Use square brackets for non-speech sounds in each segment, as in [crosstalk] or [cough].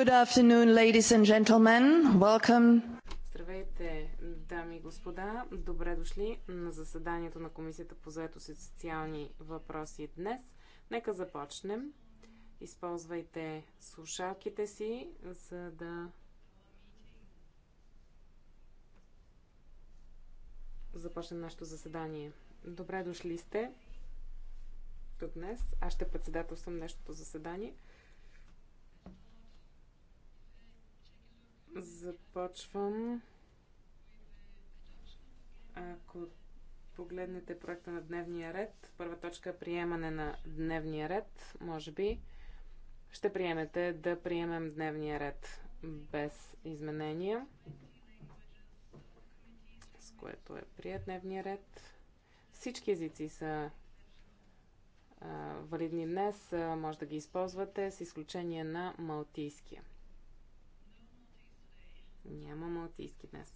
Good afternoon, ladies and gentlemen. Welcome. Здравейте, дами и господа. Добре дошли на заседанието на Комисията по заетост и социални въпроси днес. Нека започнем. Използвайте слушалките си, за да започнем нашето заседание. Добре дошли сте тук днес. Аз ще председателствам днешното заседание – Започвам. Ако погледнете проекта на дневния ред, първа точка е приемане на дневния ред. Може би ще приемете да приемем дневния ред без изменения, с което е прият дневния ред. Всички езици са валидни днес, може да ги използвате, с изключение на малтийския. Няма малтийски днес.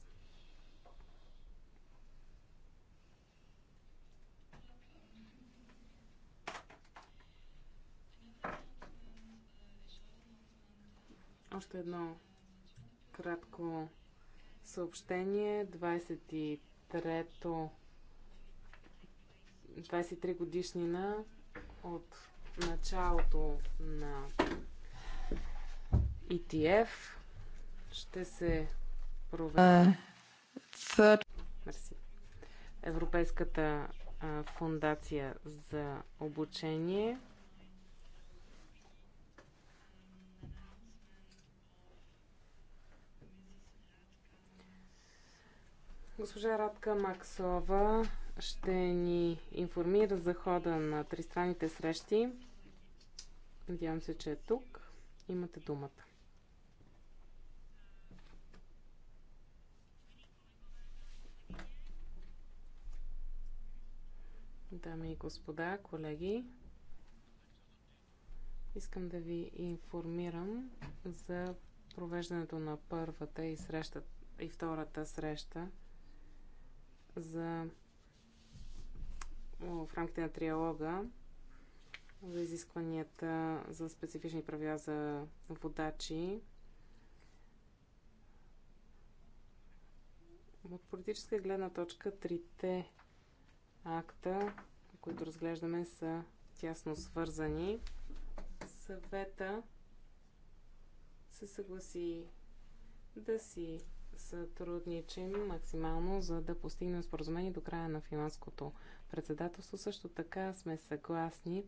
Още едно кратко съобщение. 23-то 23 годишнина от началото на ETF ще се проведе. Европейската фундация за обучение. Госпожа Радка Максова ще ни информира за хода на тристранните срещи. Надявам се, че е тук. Имате думата. Дами и господа, колеги, искам да ви информирам за провеждането на първата и, среща, и втората среща за, в рамките на триалога за изискванията за специфични правила за водачи От политическа гледна точка, трите акта, които разглеждаме, са тясно свързани. Съвета се съгласи да си сътрудничим максимално, за да постигнем споразумение до края на финанското председателство. Също така сме съгласни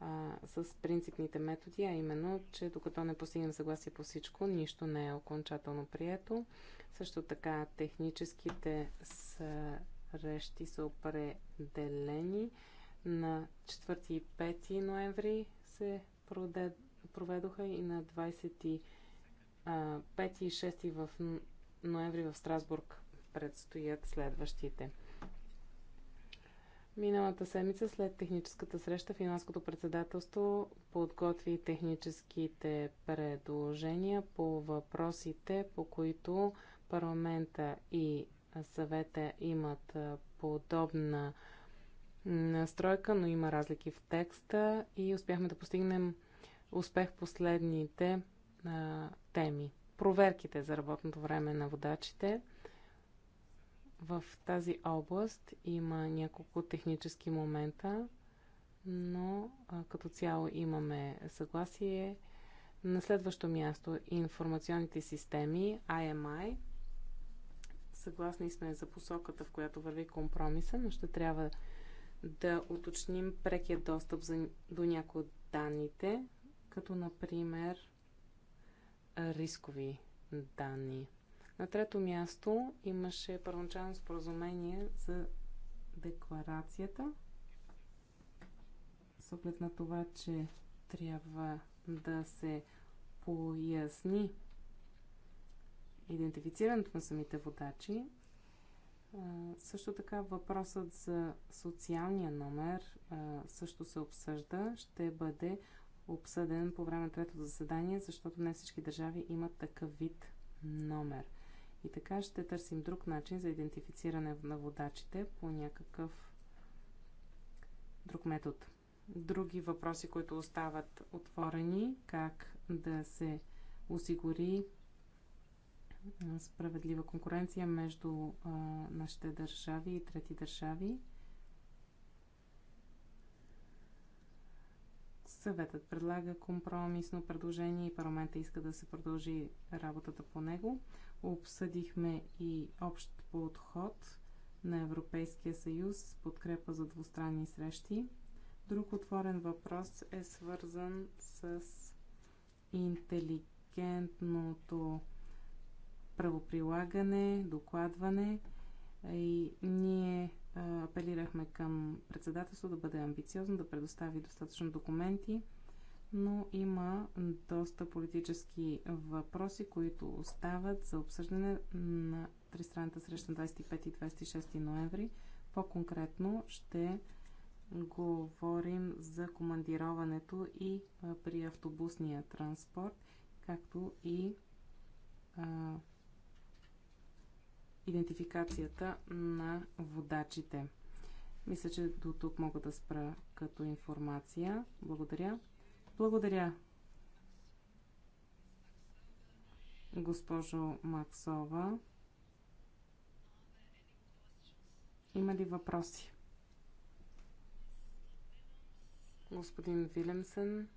а, с принципните методи, а именно, че докато не постигнем съгласие по всичко, нищо не е окончателно прието. Също така техническите са срещи са определени. На 4 и 5 ноември се проведоха и на 25 и 6 в ноември в Страсбург предстоят следващите. Миналата седмица след техническата среща финландското председателство подготви техническите предложения по въпросите, по които парламента и съвета имат подобна настройка, но има разлики в текста и успяхме да постигнем успех в последните а, теми. Проверките за работното време на водачите. В тази област има няколко технически момента, но а, като цяло имаме съгласие. На следващо място информационните системи IMI – Съгласни сме за посоката, в която върви компромиса, но ще трябва да уточним прекия достъп за, до някои от данните, като например рискови данни. На трето място имаше първоначално споразумение за декларацията. С оглед на това, че трябва да се поясни идентифицирането на самите водачи. Също така въпросът за социалния номер също се обсъжда. Ще бъде обсъден по време на третото заседание, защото не всички държави имат такъв вид номер. И така ще търсим друг начин за идентифициране на водачите по някакъв друг метод. Други въпроси, които остават отворени, как да се осигури справедлива конкуренция между а, нашите държави и трети държави. Съветът предлага компромисно предложение и парламента иска да се продължи работата по него. Обсъдихме и общ подход на Европейския съюз с подкрепа за двустранни срещи. Друг отворен въпрос е свързан с интелигентното правоприлагане, докладване и ние апелирахме към председателство да бъде амбициозно, да предостави достатъчно документи, но има доста политически въпроси, които остават за обсъждане на тристранната среща 25 и 26 ноември. По-конкретно ще говорим за командироването и при автобусния транспорт, както и идентификацията на водачите. Мисля, че до тук мога да спра като информация. Благодаря. Благодаря, госпожо Максова. Има ли въпроси? Господин Вилемсен.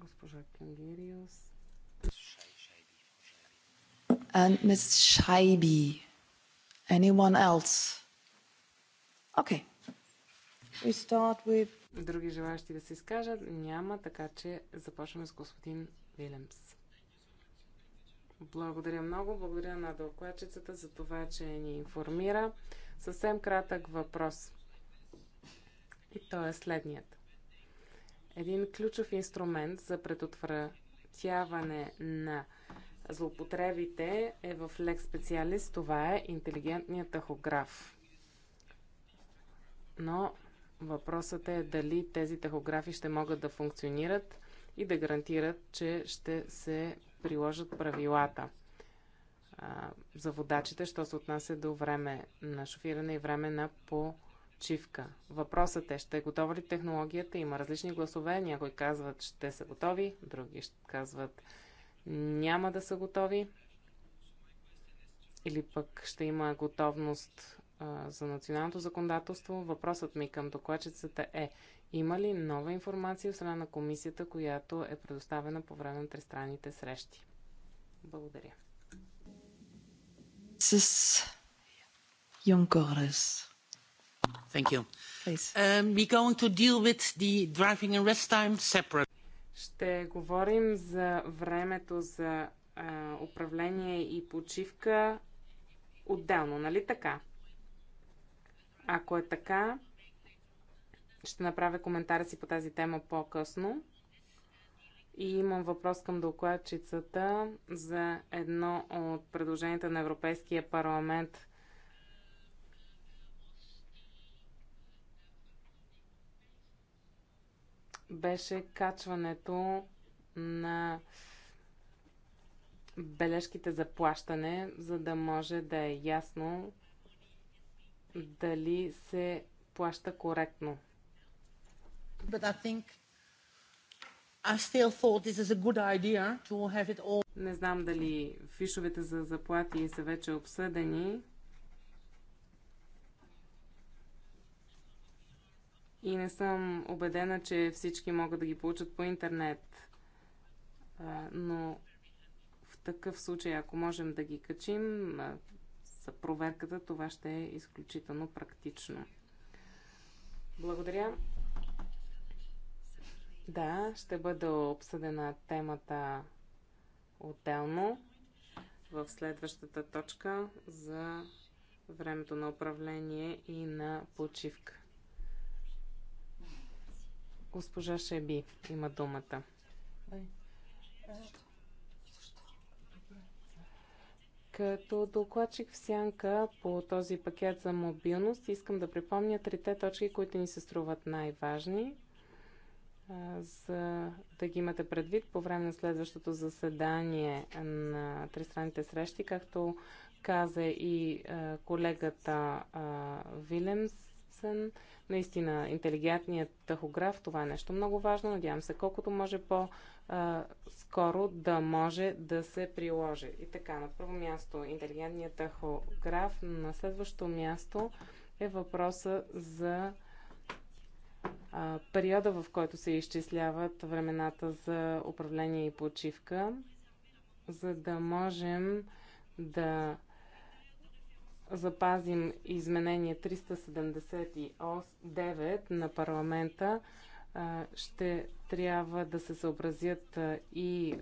Госпожа Кенгериус and Ms. Scheibe. Anyone else? Okay. We start with... Други желащи да се изкажат? Няма, така че започваме с господин Вилемс. Благодаря много. Благодаря на докладчицата за това, че ни информира. Съвсем кратък въпрос. И то е следният. Един ключов инструмент за предотвратяване на злоупотребите е в лек специалист. Това е интелигентният тахограф. Но въпросът е дали тези тахографи ще могат да функционират и да гарантират, че ще се приложат правилата за водачите, що се отнася до време на шофиране и време на почивка. Въпросът е, ще е готова ли технологията? Има различни гласове. Някои казват, ще са готови, други казват, няма да са готови или пък ще има готовност а, за националното законодателство. Въпросът ми към докладчицата е има ли нова информация от страна на комисията, която е предоставена по време на тристранните срещи? Благодаря. С Юнкорес. Thank you. Please. Um, we're going to deal with the driving and rest time separately. Ще говорим за времето за а, управление и почивка отделно, нали така? Ако е така, ще направя коментара си по тази тема по-късно. И имам въпрос към докладчицата за едно от предложенията на Европейския парламент беше качването на бележките за плащане, за да може да е ясно дали се плаща коректно. Не знам дали фишовете за заплати са вече обсъдени. и не съм убедена, че всички могат да ги получат по интернет. Но в такъв случай, ако можем да ги качим за проверката, това ще е изключително практично. Благодаря. Да, ще бъде обсъдена темата отделно в следващата точка за времето на управление и на почивка. Госпожа Шеби има думата. Като докладчик в сянка по този пакет за мобилност, искам да припомня трите точки, които ни се струват най-важни, за да ги имате предвид по време на следващото заседание на тристранните срещи, както каза и колегата Вилемс ясен. Наистина, интелигентният тахограф, това е нещо много важно. Надявам се, колкото може по-скоро да може да се приложи. И така, на първо място интелигентният тахограф, на следващо място е въпроса за периода, в който се изчисляват времената за управление и почивка, за да можем да запазим изменение 379 на парламента, ще трябва да се съобразят и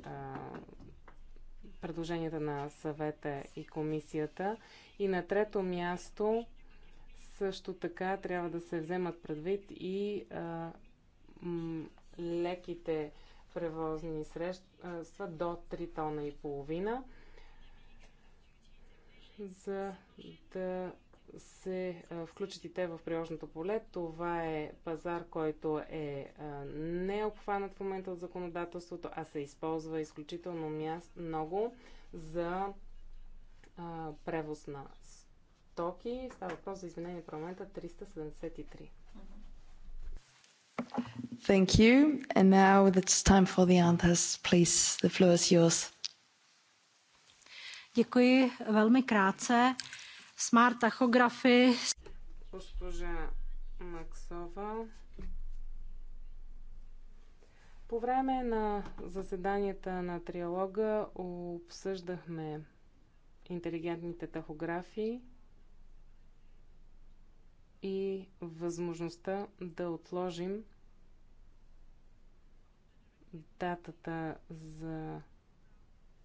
предложенията на съвета и комисията. И на трето място също така трябва да се вземат предвид и леките превозни средства до 3 тона и половина за да се включат и те в приложното поле. Това е пазар, който е не обхванат в момента от законодателството, а се използва изключително място, много за а, превоз на стоки. Става въпрос за изменение на момента 373. Thank you. And now it's time for the answers. Please, the floor is yours. Děkuji velmi krátce. Smart tachografy. Госпожа Максова. По време на заседанията на триалога обсъждахме интелигентните тахографии и възможността да отложим датата за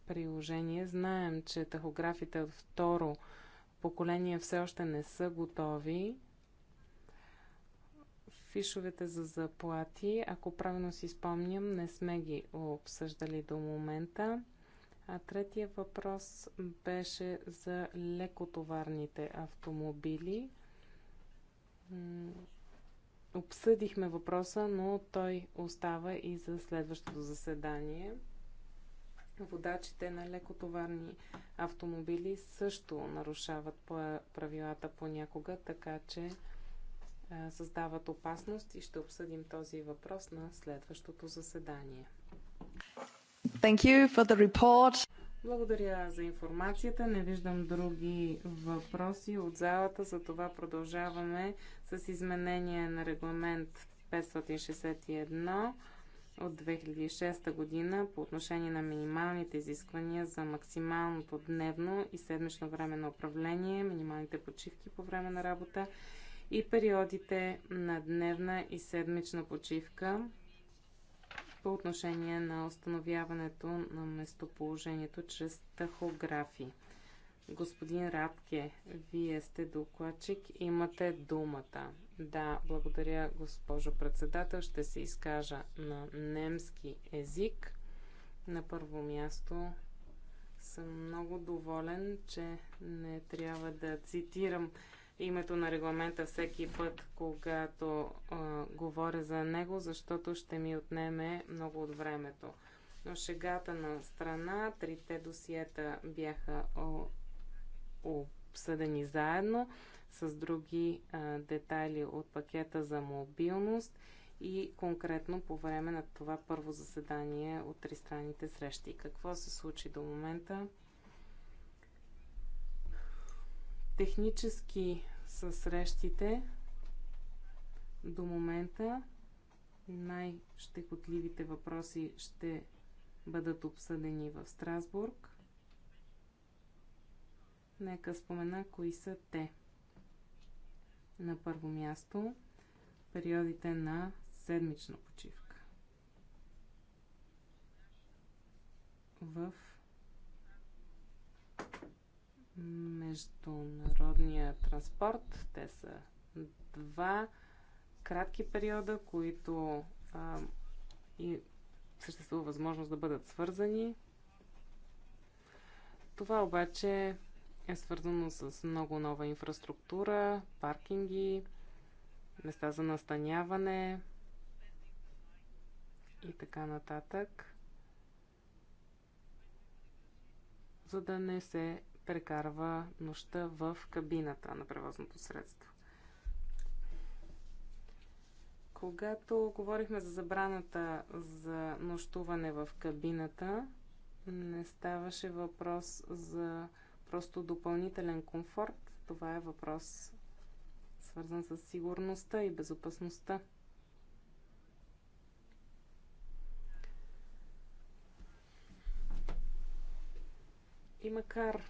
приложение. Знаем, че тахографите от второ поколение все още не са готови. Фишовете за заплати, ако правилно си спомням, не сме ги обсъждали до момента. А третия въпрос беше за лекотоварните автомобили. Обсъдихме въпроса, но той остава и за следващото заседание. Водачите на лекотоварни автомобили също нарушават правилата понякога, така че създават опасност и ще обсъдим този въпрос на следващото заседание. Thank you for the report. Благодаря за информацията. Не виждам други въпроси от залата, за това продължаваме с изменение на регламент 561 от 2006 година по отношение на минималните изисквания за максималното дневно и седмично време на управление, минималните почивки по време на работа и периодите на дневна и седмична почивка по отношение на установяването на местоположението чрез тахографи. Господин Рапке, вие сте докладчик, имате думата. Да, благодаря, госпожо председател. Ще се изкажа на немски език. На първо място съм много доволен, че не трябва да цитирам името на регламента всеки път, когато а, говоря за него, защото ще ми отнеме много от времето. Но шегата на страна, трите досиета бяха обсъдени заедно с други а, детайли от пакета за мобилност и конкретно по време на това първо заседание от тристранните срещи. Какво се случи до момента? Технически са срещите до момента. Най-щекотливите въпроси ще бъдат обсъдени в Страсбург. Нека спомена кои са те – на първо място периодите на седмична почивка. В международния транспорт те са два кратки периода, които а, и съществува възможност да бъдат свързани. Това обаче е свързано с много нова инфраструктура, паркинги, места за настаняване и така нататък, за да не се прекарва нощта в кабината на превозното средство. Когато говорихме за забраната за нощуване в кабината, не ставаше въпрос за просто допълнителен комфорт. Това е въпрос свързан с сигурността и безопасността. И макар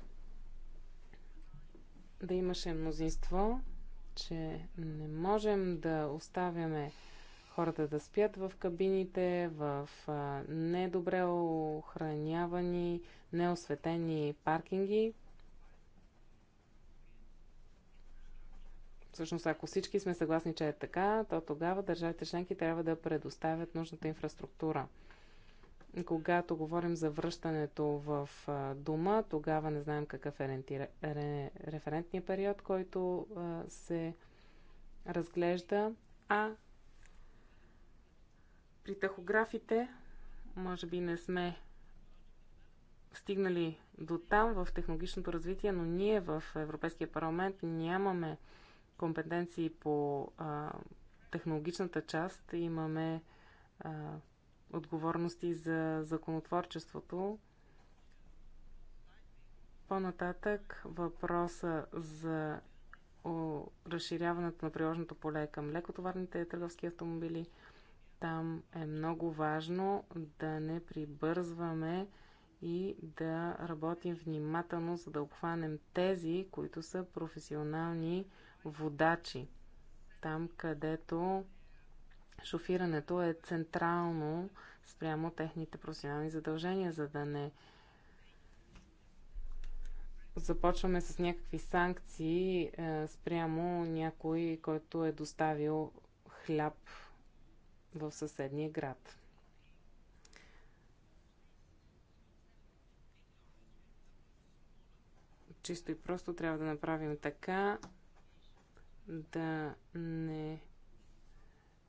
да имаше мнозинство, че не можем да оставяме хората да спят в кабините, в недобре охранявани, неосветени паркинги, Всъщност, ако всички сме съгласни, че е така, то тогава държавите членки трябва да предоставят нужната инфраструктура. Когато говорим за връщането в дома, тогава не знаем какъв е референтния период, който се разглежда. А при тахографите, може би не сме стигнали до там в технологичното развитие, но ние в Европейския парламент нямаме компетенции по а, технологичната част, имаме а, отговорности за законотворчеството. По-нататък въпроса за о, разширяването на приложното поле към лекотоварните търговски автомобили. Там е много важно да не прибързваме и да работим внимателно, за да обхванем тези, които са професионални водачи. Там, където шофирането е централно спрямо техните професионални задължения, за да не започваме с някакви санкции е, спрямо някой, който е доставил хляб в съседния град. Чисто и просто трябва да направим така, да не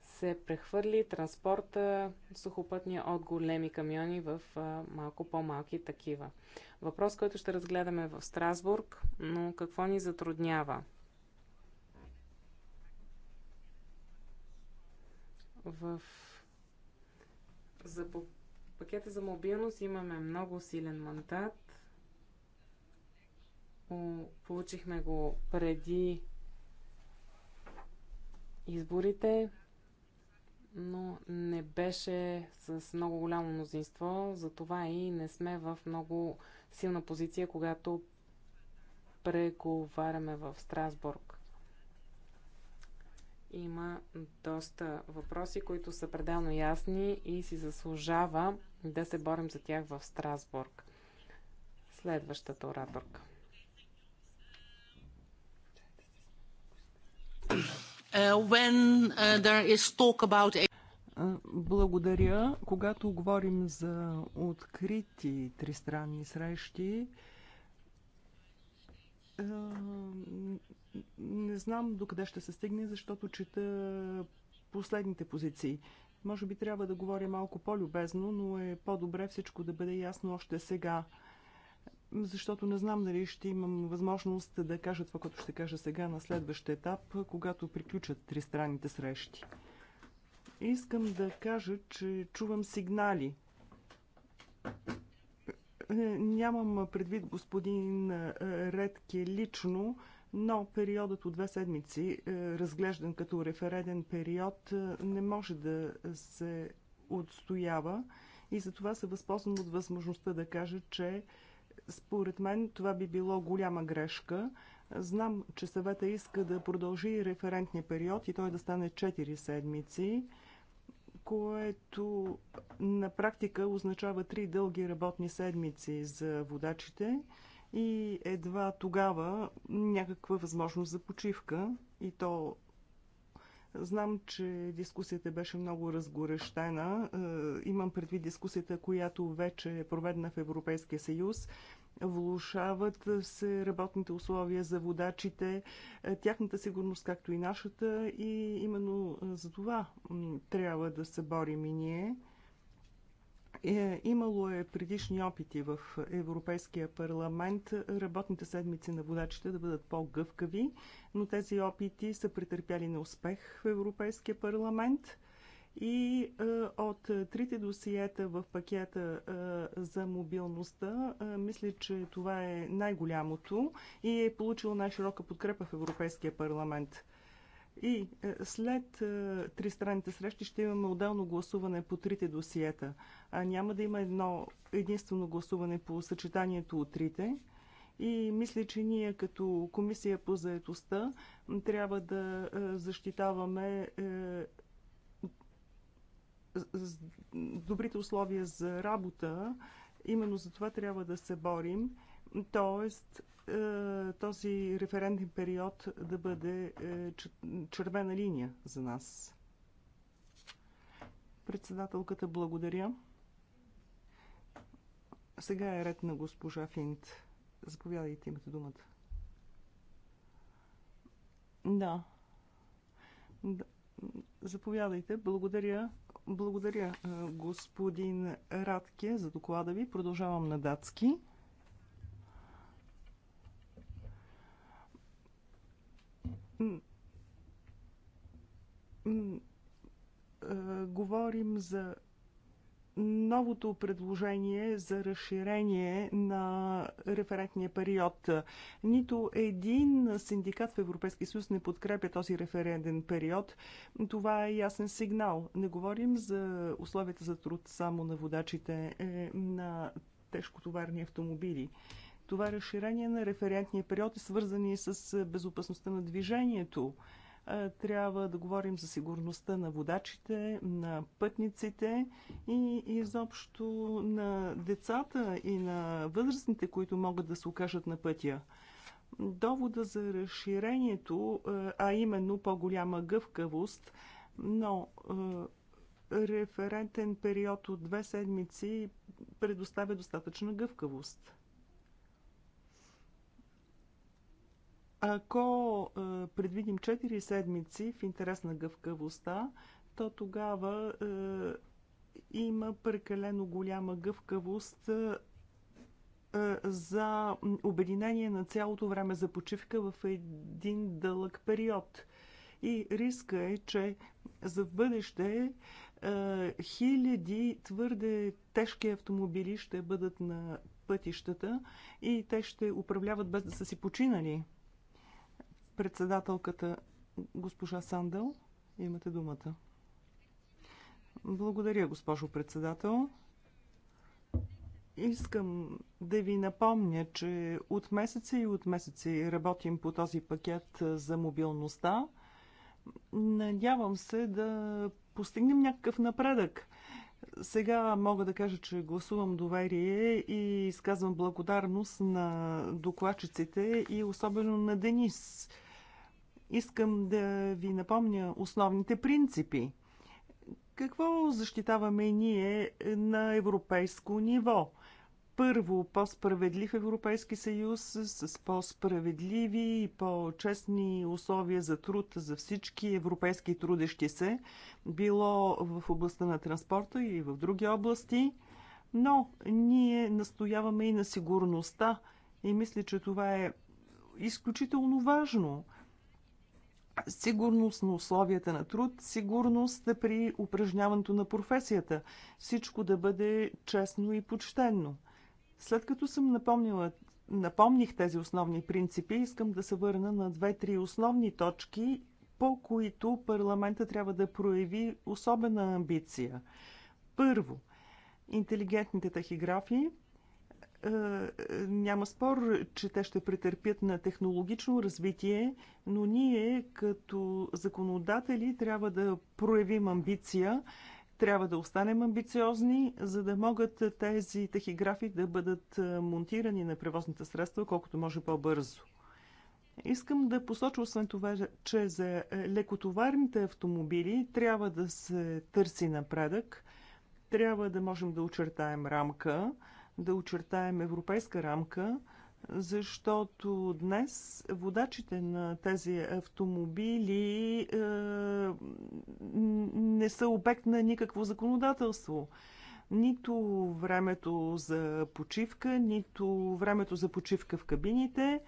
се прехвърли транспорта сухопътния от големи камиони в а, малко по-малки такива. Въпрос, който ще разгледаме в Страсбург, но какво ни затруднява? В за пакета за мобилност имаме много силен мандат. Получихме го преди изборите, но не беше с много голямо мнозинство, затова и не сме в много силна позиция, когато преговаряме в Страсбург. Има доста въпроси, които са пределно ясни и си заслужава да се борим за тях в Страсбург. Следващата ораторка. Uh, uh, благодаря. Когато говорим за открити тристранни срещи, не знам докъде ще се стигне, защото чета последните позиции. Може би трябва да говоря малко по-любезно, но е по-добре всичко да бъде ясно още сега защото не знам дали ще имам възможност да кажа това, което ще кажа сега на следващия етап, когато приключат тристранните срещи. Искам да кажа, че чувам сигнали. Е, нямам предвид господин Редке лично, но периодът от две седмици, е, разглеждан като референден период, е, не може да се отстоява и затова се възползвам от възможността да кажа, че според мен това би било голяма грешка. Знам, че съвета иска да продължи референтния период и той да стане 4 седмици, което на практика означава 3 дълги работни седмици за водачите и едва тогава някаква възможност за почивка и то Знам, че дискусията беше много разгорещена. Е, имам предвид дискусията, която вече е проведена в Европейския съюз влушават се работните условия за водачите, тяхната сигурност, както и нашата. И именно за това трябва да се борим и ние. Е, имало е предишни опити в Европейския парламент работните седмици на водачите да бъдат по-гъвкави, но тези опити са претърпяли на успех в Европейския парламент. И от трите досиета в пакета за мобилността, мисля, че това е най-голямото и е получило най-широка подкрепа в Европейския парламент. И след тристранните срещи ще имаме отделно гласуване по трите досиета. А няма да има едно единствено гласуване по съчетанието от трите. И мисля, че ние като комисия по заедостта трябва да защитаваме е, добрите условия за работа. Именно за това трябва да се борим. Тоест, е, този референден период да бъде е, червена линия за нас. Председателката благодаря. Сега е ред на госпожа Финт. Заповядайте, имате думата. да. Заповядайте. Благодаря. Благодаря, господин Радке, за доклада ви. Продължавам на датски. Говорим за новото предложение за разширение на референтния период. Нито един синдикат в Европейския съюз не подкрепя този референден период. Това е ясен сигнал. Не говорим за условията за труд само на водачите е, на тежкотоварни автомобили. Това разширение на референтния период е свързано и с безопасността на движението. Е, трябва да говорим за сигурността на водачите, на пътниците и изобщо на децата и на възрастните, които могат да се окажат на пътя. Довода за разширението, е, а именно по-голяма гъвкавост, но е, референтен период от две седмици предоставя достатъчна гъвкавост. Ако е, предвидим 4 седмици в интерес на гъвкавостта, то тогава е, има прекалено голяма гъвкавост е, за обединение на цялото време за почивка в един дълъг период. И риска е, че за в бъдеще хиляди твърде тежки автомобили ще бъдат на пътищата и те ще управляват без да са си починали. Председателката госпожа Сандъл, имате думата. Благодаря, госпожо председател. Искам да ви напомня, че от месеци и от месеци работим по този пакет за мобилността. Надявам се да постигнем някакъв напредък. Сега мога да кажа, че гласувам доверие и изказвам благодарност на докладчиците и особено на Денис. Искам да ви напомня основните принципи. Какво защитаваме ние на европейско ниво? Първо, по-справедлив Европейски съюз с по-справедливи и по-честни условия за труд за всички европейски трудещи се, било в областта на транспорта или в други области. Но ние настояваме и на сигурността и мисля, че това е изключително важно – сигурност на условията на труд, сигурност при упражняването на професията. Всичко да бъде честно и почтенно. След като съм напомнила, напомних тези основни принципи, искам да се върна на две-три основни точки, по които парламента трябва да прояви особена амбиция. Първо, интелигентните тахиграфии – е, няма спор, че те ще претърпят на технологично развитие, но ние като законодатели трябва да проявим амбиция, трябва да останем амбициозни, за да могат тези тахиграфи да бъдат е, монтирани на превозните средства колкото може по-бързо. Искам да посоча освен това, че за лекотоварните автомобили трябва да се търси напредък, трябва да можем да очертаем рамка, да очертаем европейска рамка, защото днес водачите на тези автомобили е, не са обект на никакво законодателство. Нито времето за почивка, нито времето за почивка в кабините.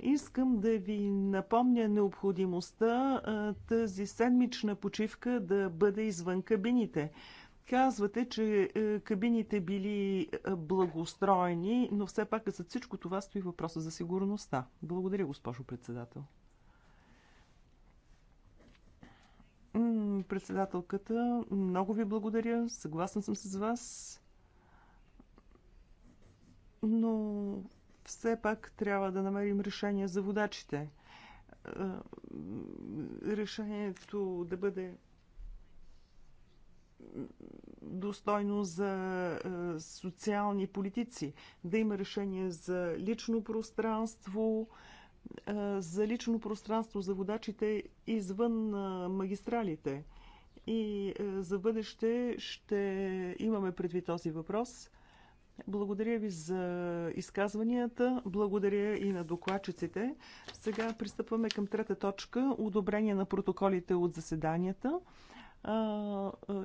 Искам да ви напомня необходимостта е, тази седмична почивка да бъде извън кабините. Казвате, че е, кабините били е, благоустроени, но все пак за всичко това стои въпроса за сигурността. Благодаря, госпожо председател. Председателката, много ви благодаря. Съгласна съм с вас. Но все пак трябва да намерим решение за водачите. Е, решението да бъде достойно за е, социални политици, да има решение за лично пространство, е, за лично пространство за водачите извън е, магистралите. И за бъдеще ще имаме предвид този въпрос. Благодаря ви за изказванията. Благодаря и на докладчиците. Сега пристъпваме към трета точка одобрение на протоколите от заседанията.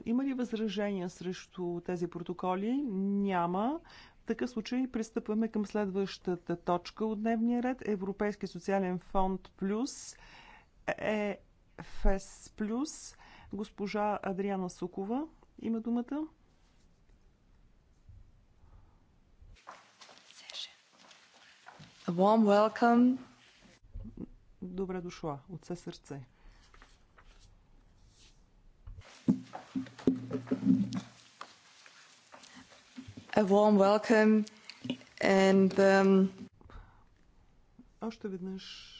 Има ли възражения срещу тези протоколи? Няма. В такъв случай пристъпваме към следващата точка от дневния ред. Европейски социален фонд плюс ЕФС плюс. Госпожа Адриана Сукова има думата. A warm welcome. Добре дошла от все сърце. a warm welcome and um... Още веднъж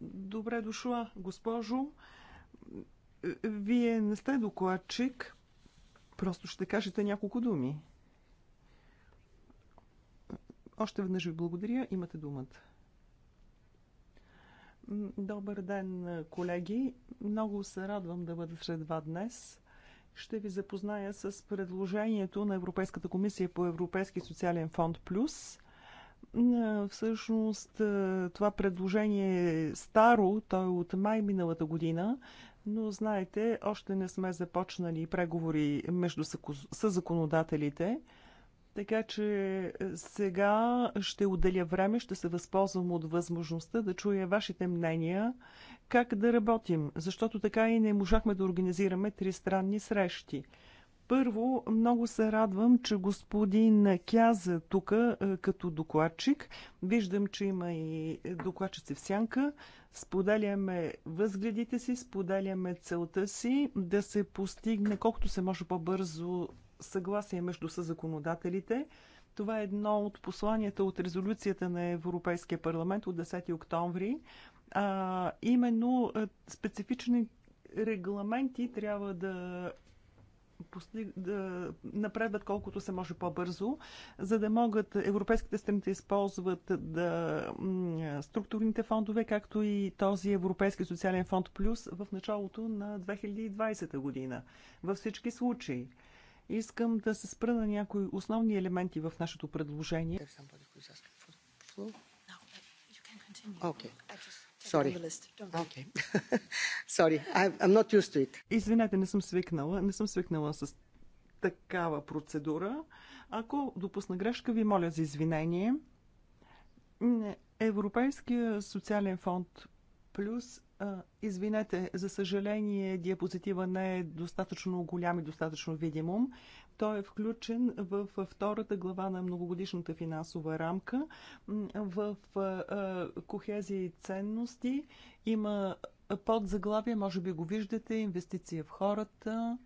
добре дошла, госпожо. Вие не сте докладчик. Просто ще кажете няколко думи. Още веднъж ви благодаря. Имате думата. Добър ден, колеги. Много се радвам да бъда сред вас днес ще ви запозная с предложението на Европейската комисия по Европейски социален фонд Плюс. Всъщност това предложение е старо, то е от май миналата година, но знаете, още не сме започнали преговори между с законодателите. Така че е, сега ще отделя време, ще се възползвам от възможността да чуя вашите мнения как да работим, защото така и не можахме да организираме тристранни срещи. Първо, много се радвам, че господин Кяза е тук е, като докладчик. Виждам, че има и докладчици в сянка. Споделяме възгледите си, споделяме целта си да се постигне колкото се може по-бързо съгласие между съзаконодателите. Това е едно от посланията от резолюцията на Европейския парламент от 10 октомври. А, именно специфични регламенти трябва да да напредват колкото се може по-бързо, за да могат европейските страни да използват да, структурните фондове, както и този Европейски социален фонд плюс в началото на 2020 година. Във всички случаи. Искам да се спра на някои основни елементи в нашето предложение. Uh, [laughs] Извинете, не съм свикнала. Не съм свикнала с такава процедура. Ако допусна грешка, ви моля за извинение. Европейския социален фонд плюс Извинете, за съжаление диапозитива не е достатъчно голям и достатъчно видимум. Той е включен в втората глава на многогодишната финансова рамка. В кохезия и ценности има под заглавие, може би го виждате, инвестиция в хората,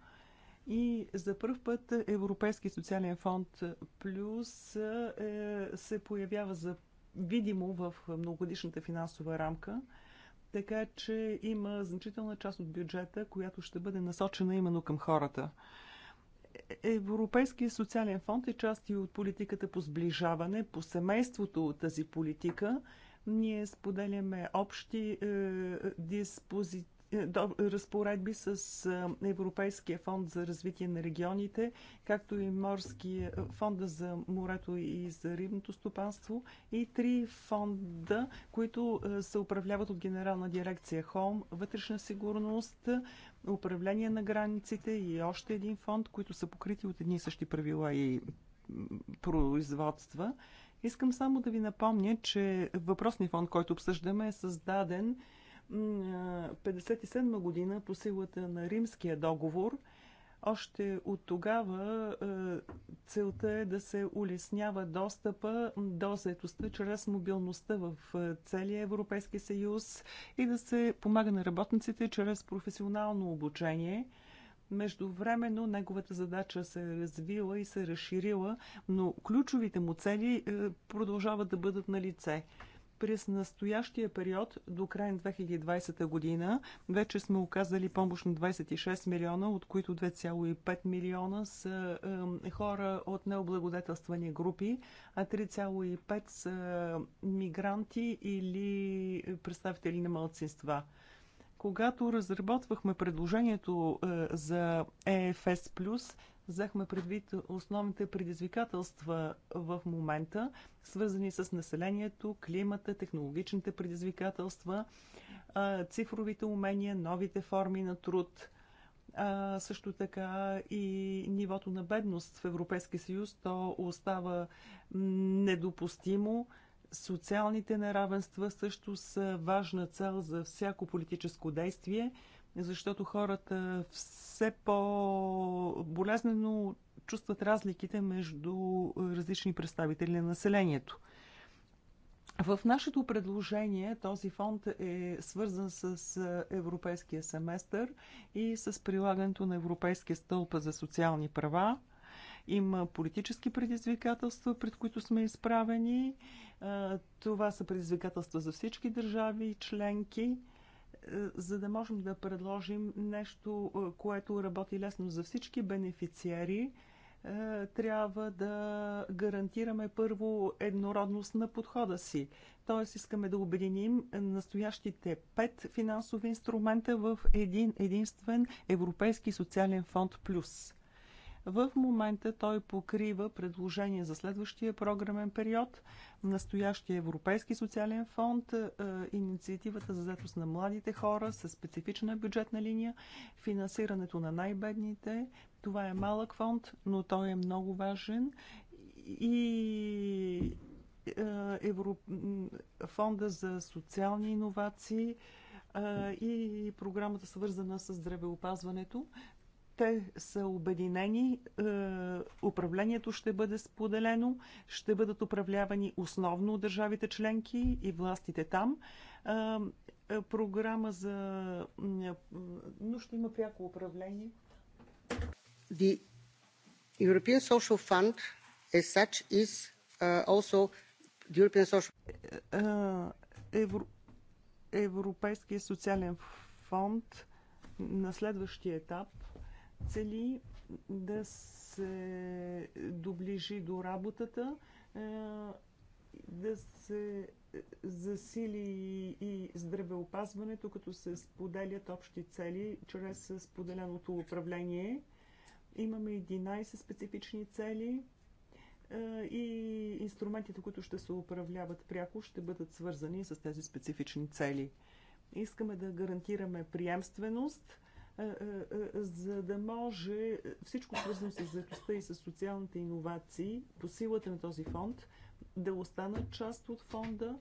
и за първ път Европейски социален фонд Плюс е, се появява за видимо в многогодишната финансова рамка така че има значителна част от бюджета, която ще бъде насочена именно към хората. Европейския социален фонд е част и от политиката по сближаване, по семейството от тази политика. Ние споделяме общи е, е диспози разпоредби с Европейския фонд за развитие на регионите, както и морския фонда за морето и за рибното стопанство и три фонда, които се управляват от Генерална дирекция Холм, вътрешна сигурност, управление на границите и още един фонд, които са покрити от едни и същи правила и производства. Искам само да ви напомня, че въпросният фонд, който обсъждаме, е създаден 1957 година по силата на Римския договор. Още от тогава е, целта е да се улеснява достъпа до заетостта чрез мобилността в е, целия Европейски съюз и да се помага на работниците чрез професионално обучение. Междувременно неговата задача се е развила и се е разширила, но ключовите му цели е, продължават да бъдат на лице – през настоящия период до край на 2020 година вече сме оказали помощ на 26 милиона, от които 2,5 милиона са хора от необлагодетелствани групи, а 3,5 са мигранти или представители на малцинства. Когато разработвахме предложението е, за ЕФС, взехме предвид основните предизвикателства в момента, свързани с населението, климата, технологичните предизвикателства, цифровите умения, новите форми на труд, също така и нивото на бедност в Европейския съюз, то остава недопустимо. Социалните неравенства също са важна цел за всяко политическо действие – защото хората все по-болезнено чувстват разликите между е, различни представители на населението. В нашето предложение този фонд е свързан с е, европейския семестър и с прилагането на Европейския стълб за социални права. Има политически предизвикателства, пред които сме изправени. Е, това са предизвикателства за всички държави и членки е, за да можем да предложим нещо, е, което работи лесно за всички бенефициери, е, трябва да гарантираме първо еднородност на подхода си. Тоест искаме да обединим настоящите пет финансови инструмента в един единствен Европейски социален фонд плюс. В момента той покрива предложения за следващия програмен период, настоящия Европейски социален фонд, е, инициативата за заетост на младите хора с специфична бюджетна линия, финансирането на най-бедните. Това е малък фонд, но той е много важен и е, Евро... фонда за социални иновации е, и програмата свързана с здравеопазването те са обединени, е, управлението ще бъде споделено, ще бъдат управлявани основно държавите членки и властите там. Е, е, програма за... Но ще има пряко управление. The European Social Fund as such is also the European Social... Евро... Европейския социален фонд на следващия етап – цели да се доближи до работата, е, да се засили и здравеопазването, като се споделят общи цели чрез споделеното управление. Имаме 11 специфични цели е, и инструментите, които ще се управляват пряко, ще бъдат свързани с тези специфични цели. Искаме да гарантираме приемственост – за да може всичко свързано с заедостта и с социалните иновации по силата на този фонд да останат част от фонда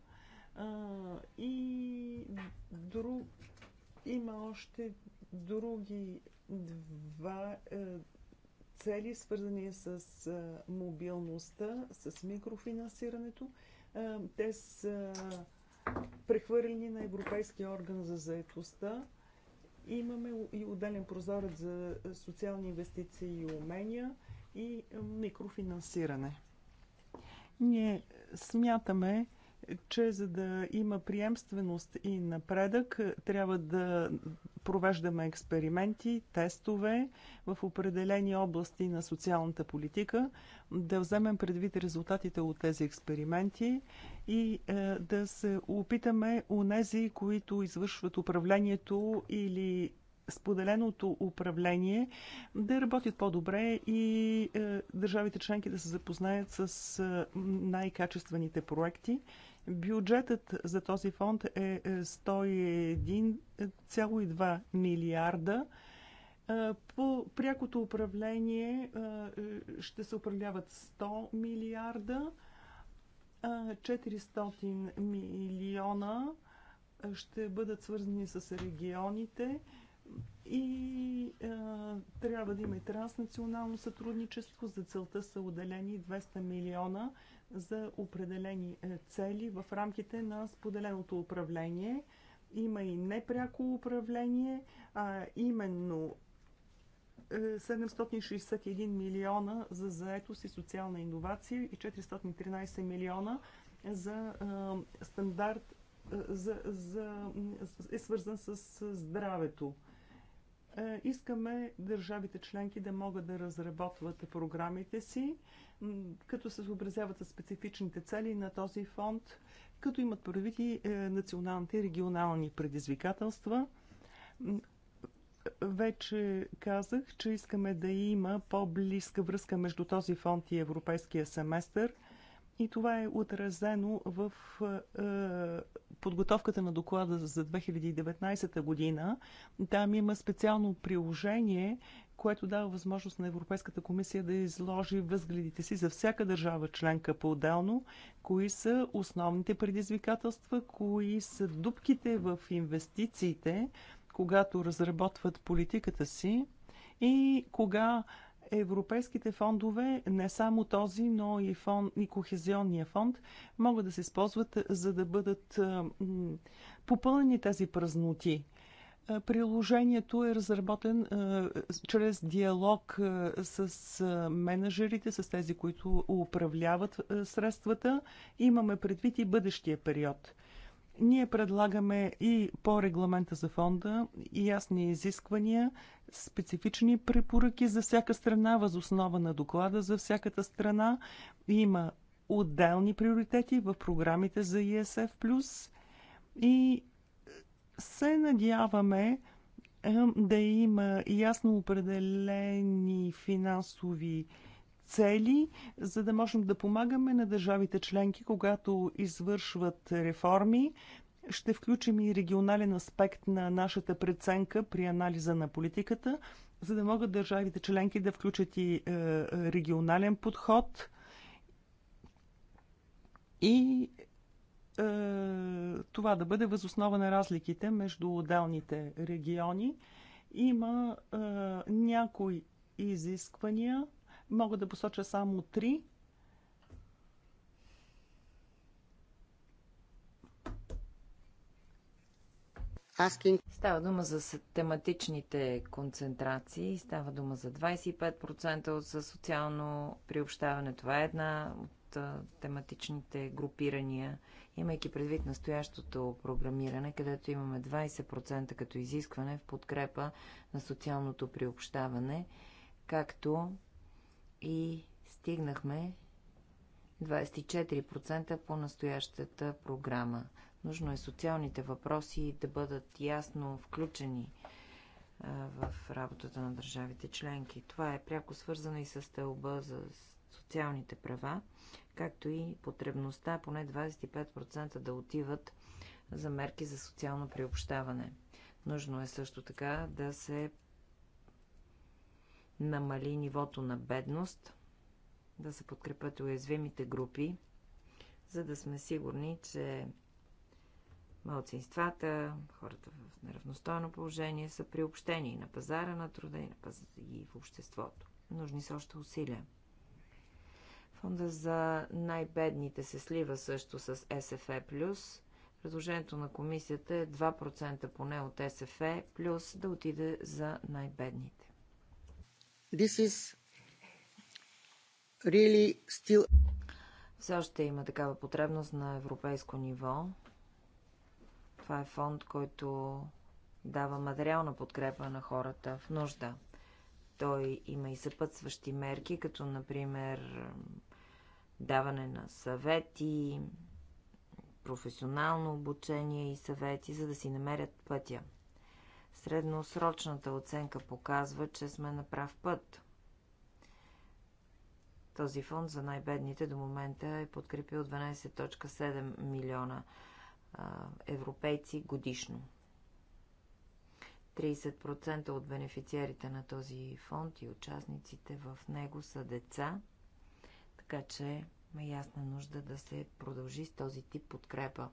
и друг има още други два е, цели, свързани с е, мобилността, с микрофинансирането. Е, те са прехвърлени на Европейския орган за заетостта. Имаме и отделен прозорец за е, социални инвестиции и умения и е, микрофинансиране. Ние е, смятаме, че за да има приемственост и напредък, трябва да провеждаме експерименти, тестове в определени области на социалната политика, да вземем предвид резултатите от тези експерименти и е, да се опитаме у нези, които извършват управлението или споделеното управление да работят по-добре и е, държавите членки да се запознаят с е, най-качествените проекти. Бюджетът за този фонд е 101,2 е, е, милиарда. Е, по прякото управление ще се управляват 100 милиарда, 400 милиона ще бъдат свързани с регионите и е, трябва да има и транснационално сътрудничество. За целта са отделени 200 милиона за определени е, цели в рамките на споделеното управление. Има и непряко управление, а именно 761 е, милиона за заетост и социална иновация и 413 милиона за е, стандарт за, за, е свързан с здравето. Е, искаме държавите членки да могат да разработват програмите си, като се съобразяват с специфичните цели на този фонд, като имат правити е, националните и регионални предизвикателства. Вече казах, че искаме да има по-близка връзка между този фонд и европейския семестър – и това е отразено в е, е, подготовката на доклада за 2019 година. Там има специално приложение, което дава възможност на Европейската комисия да изложи възгледите си за всяка държава членка по-отделно, кои са основните предизвикателства, кои са дупките в инвестициите, когато разработват политиката си и кога Европейските фондове, не само този, но и, фон, и кохезионния фонд, могат да се използват, е, за да бъдат е, попълнени тези празноти. Е, приложението е разработен чрез диалог с менеджерите, с тези, които управляват средствата. Имаме предвид и бъдещия период – ние предлагаме и по регламента за фонда ясни изисквания, специфични препоръки за всяка страна, възоснова на доклада за всяката страна. Има отделни приоритети в програмите за ESF+. И се надяваме да има ясно определени финансови цели, за да можем да помагаме на държавите членки, когато извършват реформи. Ще включим и регионален аспект на нашата преценка при анализа на политиката, за да могат държавите членки да включат и е, регионален подход и е, това да бъде възоснова на разликите между отделните региони. Има е, някои изисквания Мога да посоча само три. Става дума за тематичните концентрации, става дума за 25% от социално приобщаване. Това е една от тематичните групирания, имайки предвид настоящото програмиране, където имаме 20% като изискване в подкрепа на социалното приобщаване, както и стигнахме 24% по настоящата програма. Нужно е социалните въпроси да бъдат ясно включени в работата на държавите членки. Това е пряко свързано и с стълба за социалните права, както и потребността поне 25% да отиват за мерки за социално приобщаване. Нужно е също така да се намали нивото на бедност, да се подкрепят уязвимите групи, за да сме сигурни, че малцинствата, хората в неравностойно положение са приобщени на пазара на труда и, на паз... и в обществото. Нужни са още усилия. Фонда за най-бедните се слива също с СФЕ+. Предложението на комисията е 2% поне от СФЕ, плюс да отиде за най-бедните. This is really still... Все още има такава потребност на европейско ниво. Това е фонд, който дава материална подкрепа на хората в нужда. Той има и съпътстващи мерки, като например даване на съвети, професионално обучение и съвети, за да си намерят пътя – Средносрочната оценка показва, че сме на прав път. Този фонд за най-бедните до момента е подкрепил 12.7 милиона европейци годишно. 30% от бенефициарите на този фонд и участниците в него са деца, така че има ясна нужда да се продължи с този тип подкрепа.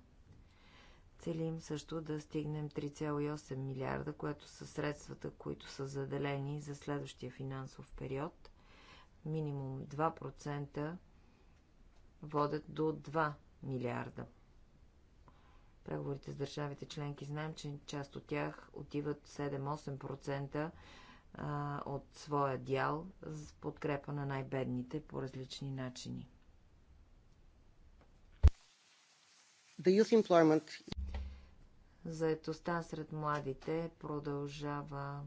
Целим също да стигнем 3,8 милиарда, което са средствата, които са заделени за следващия финансов период. Минимум 2% водят до 2 милиарда. Преговорите с държавите членки знаем, че част от тях отиват 7-8% от своя дял с подкрепа на най-бедните по различни начини. The youth employment Заетостта сред младите продължава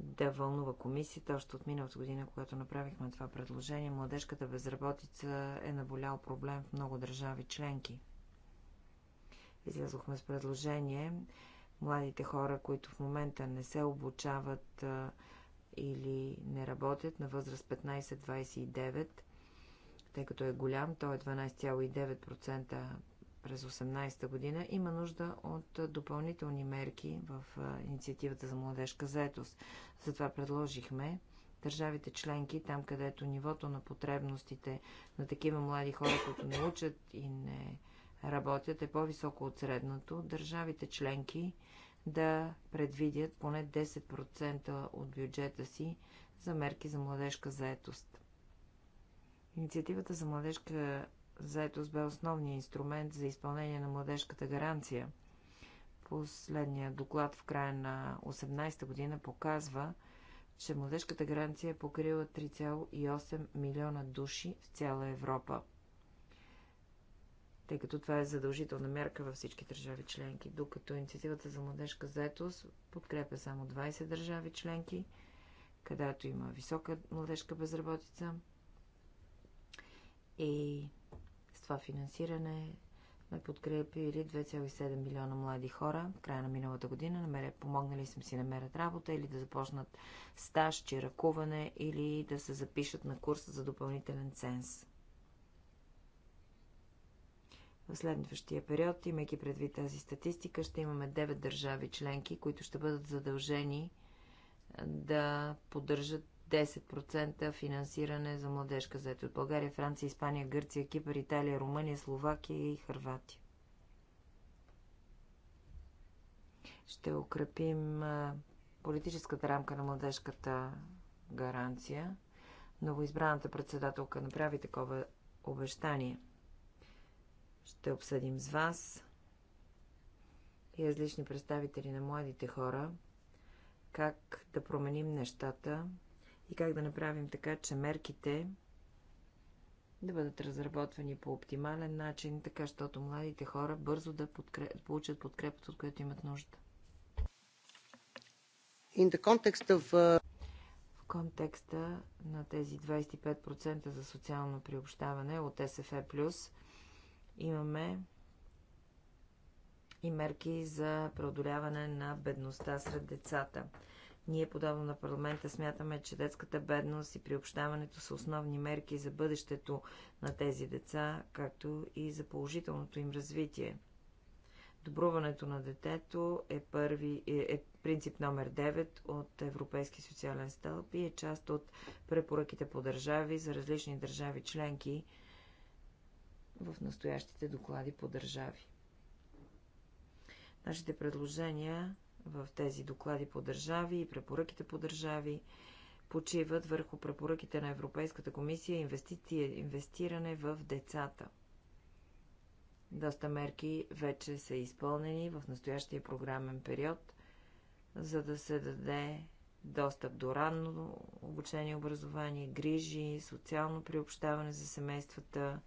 да вълнува комисията. Още от миналата година, когато направихме това предложение, младежката безработица е наболял проблем в много държави членки. Излязохме с предложение младите хора, които в момента не се обучават или не работят на възраст 15-29, тъй като е голям, той е 12,9% през 18-та година, има нужда от допълнителни мерки в инициативата за младежка заетост. Затова предложихме държавите членки, там където нивото на потребностите на такива млади хора, които не учат и не работят, е по-високо от средното, държавите членки да предвидят поне 10% от бюджета си за мерки за младежка заетост. Инициативата за младежка заетост бе основният инструмент за изпълнение на младежката гаранция. Последният доклад в края на 18-та година показва, че младежката гаранция е покрила 3,8 милиона души в цяла Европа тъй като това е задължителна мерка във всички държави членки, докато инициативата за младежка заетост подкрепя само 20 държави членки, където има висока младежка безработица и това финансиране ме подкрепили 2,7 милиона млади хора в края на миналата година. Намеря, помогнали съм си намерят работа или да започнат стаж, чиракуване или да се запишат на курс за допълнителен ценз. В следващия период, имайки предвид тази статистика, ще имаме 9 държави членки, които ще бъдат задължени да поддържат 10% финансиране за младежка заето от България, Франция, Испания, Гърция, Кипър, Италия, Румъния, Словакия и Харватия. Ще укрепим политическата рамка на младежката гаранция. Новоизбраната председателка направи такова обещание. Ще обсъдим с вас и различни представители на младите хора как да променим нещата и как да направим така, че мерките да бъдат разработвани по оптимален начин, така, защото младите хора бързо да подкреп... получат подкрепата, от която имат нужда. Of... Uh, В контекста на тези 25% за социално приобщаване от СФЕ+, имаме и мерки за преодоляване на бедността сред децата – ние, подобно на парламента, смятаме, че детската бедност и приобщаването са основни мерки за бъдещето на тези деца, както и за положителното им развитие. Добруването на детето е, първи, е, е принцип номер 9 от Европейски социален стълб и е част от препоръките по държави за различни държави членки в настоящите доклади по държави. Нашите предложения в тези доклади по държави и препоръките по държави почиват върху препоръките на Европейската комисия инвестиции, инвестиране в децата. Доста мерки вече са изпълнени в настоящия програмен период, за да се даде достъп до ранно обучение, и образование, грижи, социално приобщаване за семействата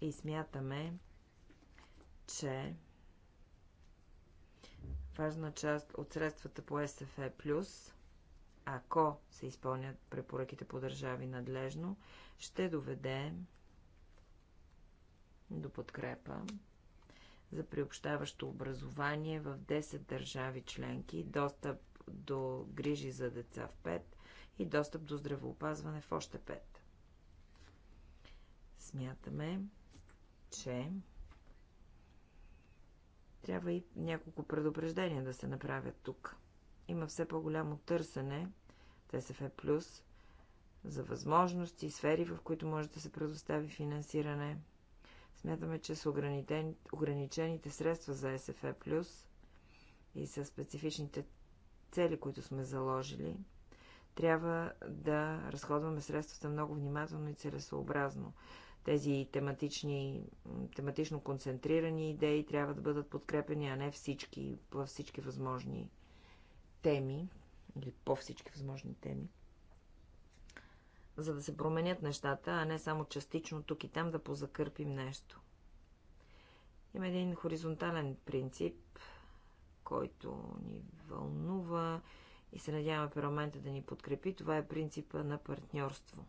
и смятаме, че Важна част от средствата по СФЕ+, ако се изпълнят препоръките по държави надлежно, ще доведе до подкрепа за приобщаващо образование в 10 държави членки, достъп до грижи за деца в 5 и достъп до здравеопазване в още 5. Смятаме, че трябва и няколко предупреждения да се направят тук. Има все по-голямо търсене, ТСФ+, за възможности, сфери, в които може да се предостави финансиране. Смятаме, че с ограничените средства за СФ+, и с специфичните цели, които сме заложили, трябва да разходваме средствата много внимателно и целесообразно. Тези тематични, тематично концентрирани идеи трябва да бъдат подкрепени, а не всички, във всички възможни теми или по всички възможни теми за да се променят нещата, а не само частично тук и там да позакърпим нещо. Има един хоризонтален принцип, който ни вълнува и се надяваме парламента да ни подкрепи. Това е принципа на партньорство.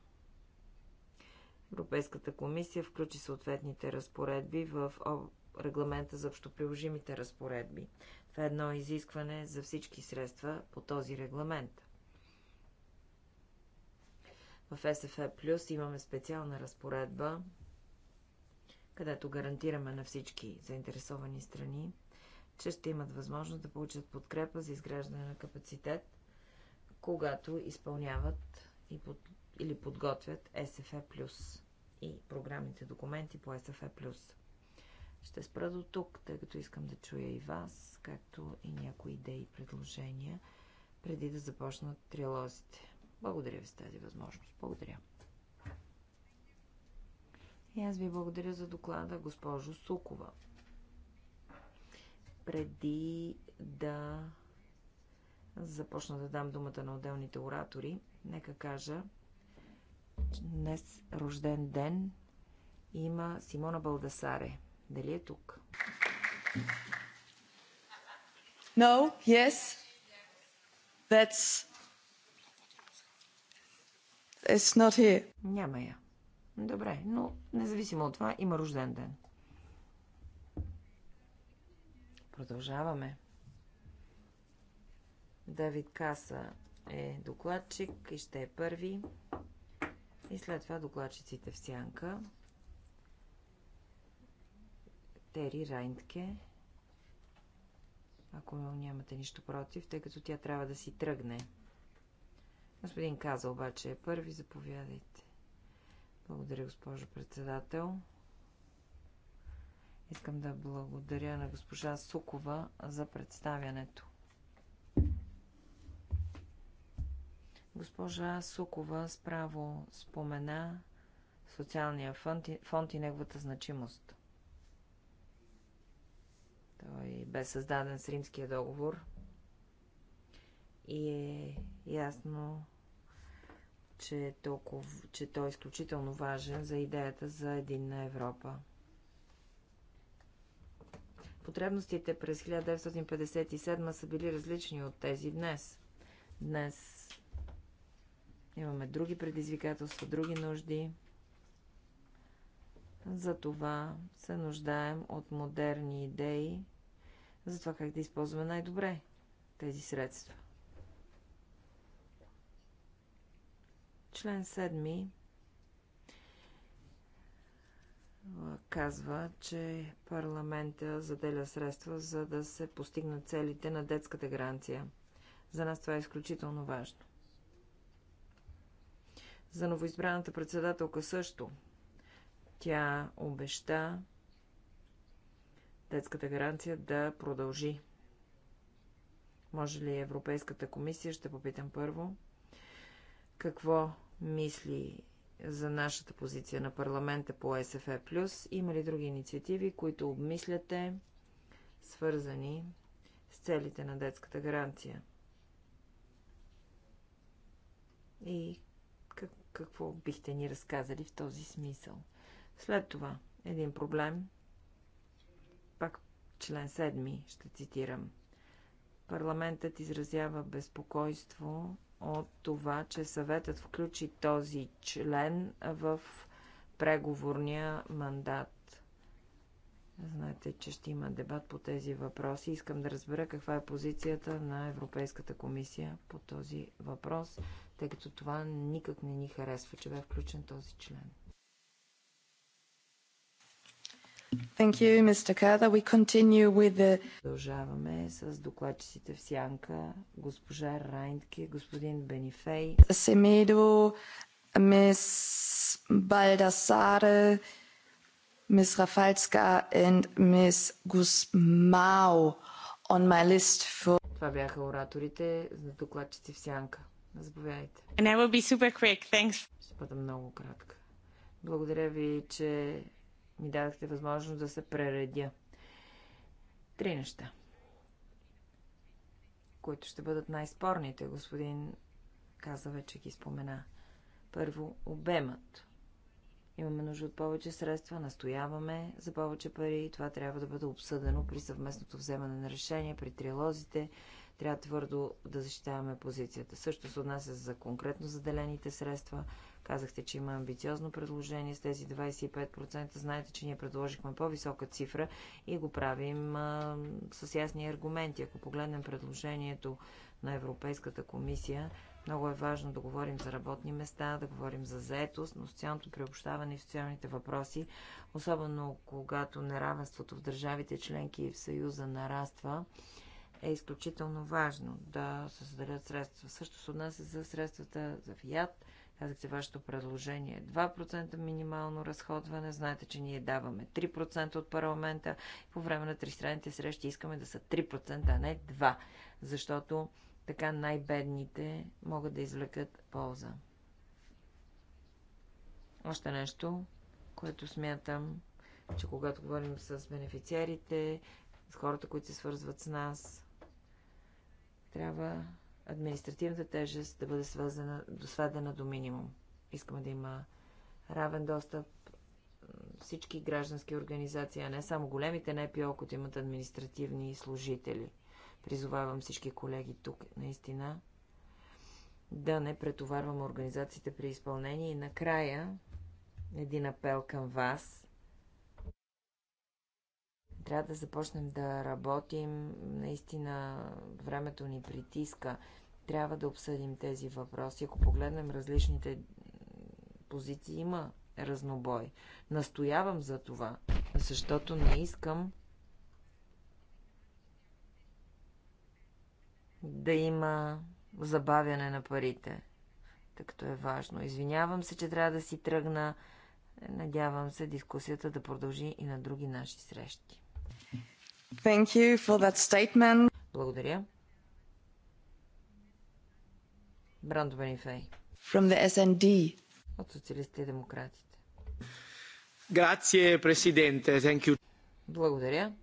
Европейската комисия включи съответните разпоредби в регламента за общоприложимите разпоредби. Това е едно изискване за всички средства по този регламент. В СФЕ Плюс имаме специална разпоредба, където гарантираме на всички заинтересовани страни, че ще имат възможност да получат подкрепа за изграждане на капацитет, когато изпълняват и под или подготвят СФЕ+, и програмните документи по СФЕ+. Ще спра до тук, тъй като искам да чуя и вас, както и някои идеи и предложения, преди да започнат трилозите. Благодаря ви с тази възможност. Благодаря. И аз ви благодаря за доклада, госпожо Сукова. Преди да започна да дам думата на отделните оратори, нека кажа, Днес рожден ден има Симона Балдасаре. Дали е тук? No, yes. That's... It's not here. Няма я. Добре, но независимо от това има рожден ден. Продължаваме. Давид Каса е докладчик и ще е първи. И след това докладчиците в сянка. Тери Райнтке. Ако нямате нищо против, тъй като тя трябва да си тръгне. Господин Каза обаче е първи, заповядайте. Благодаря, госпожо председател. Искам да благодаря на госпожа Сукова за представянето. Госпожа Сукова справо спомена социалния фонд и, фонд и неговата значимост. Той бе създаден с Римския договор и е ясно, че, е толкова, че той е изключително важен за идеята за единна Европа. Потребностите през 1957 са били различни от тези днес. Днес Имаме други предизвикателства, други нужди. Затова се нуждаем от модерни идеи за това как да използваме най-добре тези средства. Член 7 казва, че парламента заделя средства, за да се постигнат целите на детската гаранция. За нас това е изключително важно за новоизбраната председателка също. Тя обеща детската гаранция да продължи. Може ли Европейската комисия, ще попитам първо, какво мисли за нашата позиция на парламента по СФ? Има ли други инициативи, които обмисляте, свързани с целите на детската гаранция? И какво бихте ни разказали в този смисъл? След това, един проблем, пак член 7 ще цитирам. Парламентът изразява безпокойство от това, че съветът включи този член в преговорния мандат. Знаете, че ще има дебат по тези въпроси. Искам да разбера каква е позицията на Европейската комисия по този въпрос тъй като това никак не ни харесва, че бе включен този член. Thank you, Mr. Kada. We continue with the... Продължаваме с докладчиците в сянка. Госпожа Райнтке, господин Бенифей. Семедо, мис Балдасаре, мис Рафалска and мис Гусмао on my list for... Това бяха ораторите за докладчици в сянка. Заповядайте. And I will be super quick. Thanks. Ще бъда много кратка. Благодаря ви, че ми дадахте възможност да се прередя. Три неща, които ще бъдат най-спорните. Господин каза вече ги спомена. Първо, обемът. Имаме нужда от повече средства, настояваме за повече пари и това трябва да бъде обсъдено при съвместното вземане на решение, при трилозите, трябва твърдо да защитаваме позицията. Също се отнася за конкретно заделените средства. Казахте, че има амбициозно предложение с тези 25%. Знаете, че ние предложихме по-висока цифра и го правим а, с ясни аргументи. Ако погледнем предложението на Европейската комисия, много е важно да говорим за работни места, да говорим за заетост, но социалното приобщаване и социалните въпроси, особено когато неравенството в държавите членки и в Съюза нараства, е изключително важно да се създадат средства. Също се отнася за средствата за ФИАТ. Казахте се вашето предложение 2% е минимално разходване. Знаете, че ние даваме 3% от парламента. По време на тристранните срещи искаме да са 3%, а не 2%. Защото така най-бедните могат да извлекат полза. Още нещо, което смятам, че когато говорим с бенефициарите, с хората, които се свързват с нас, трябва административната тежест да бъде сведена, досведена до минимум. Искаме да има равен достъп всички граждански организации, а не само големите НПО, които имат административни служители. Призовавам всички колеги тук, наистина, да не претоварваме организациите при изпълнение. И накрая, един апел към вас. Трябва да започнем да работим. Наистина времето ни притиска. Трябва да обсъдим тези въпроси. Ако погледнем различните позиции, има разнобой. Настоявам за това, защото не искам да има забавяне на парите, тъй като е важно. Извинявам се, че трябва да си тръгна. Надявам се дискусията да продължи и на други наши срещи. Thank you for that statement. Благодаря. Брандо Бенифей. From the SND. От социалистите и демократите. Грация, президенте. Thank you. Благодаря.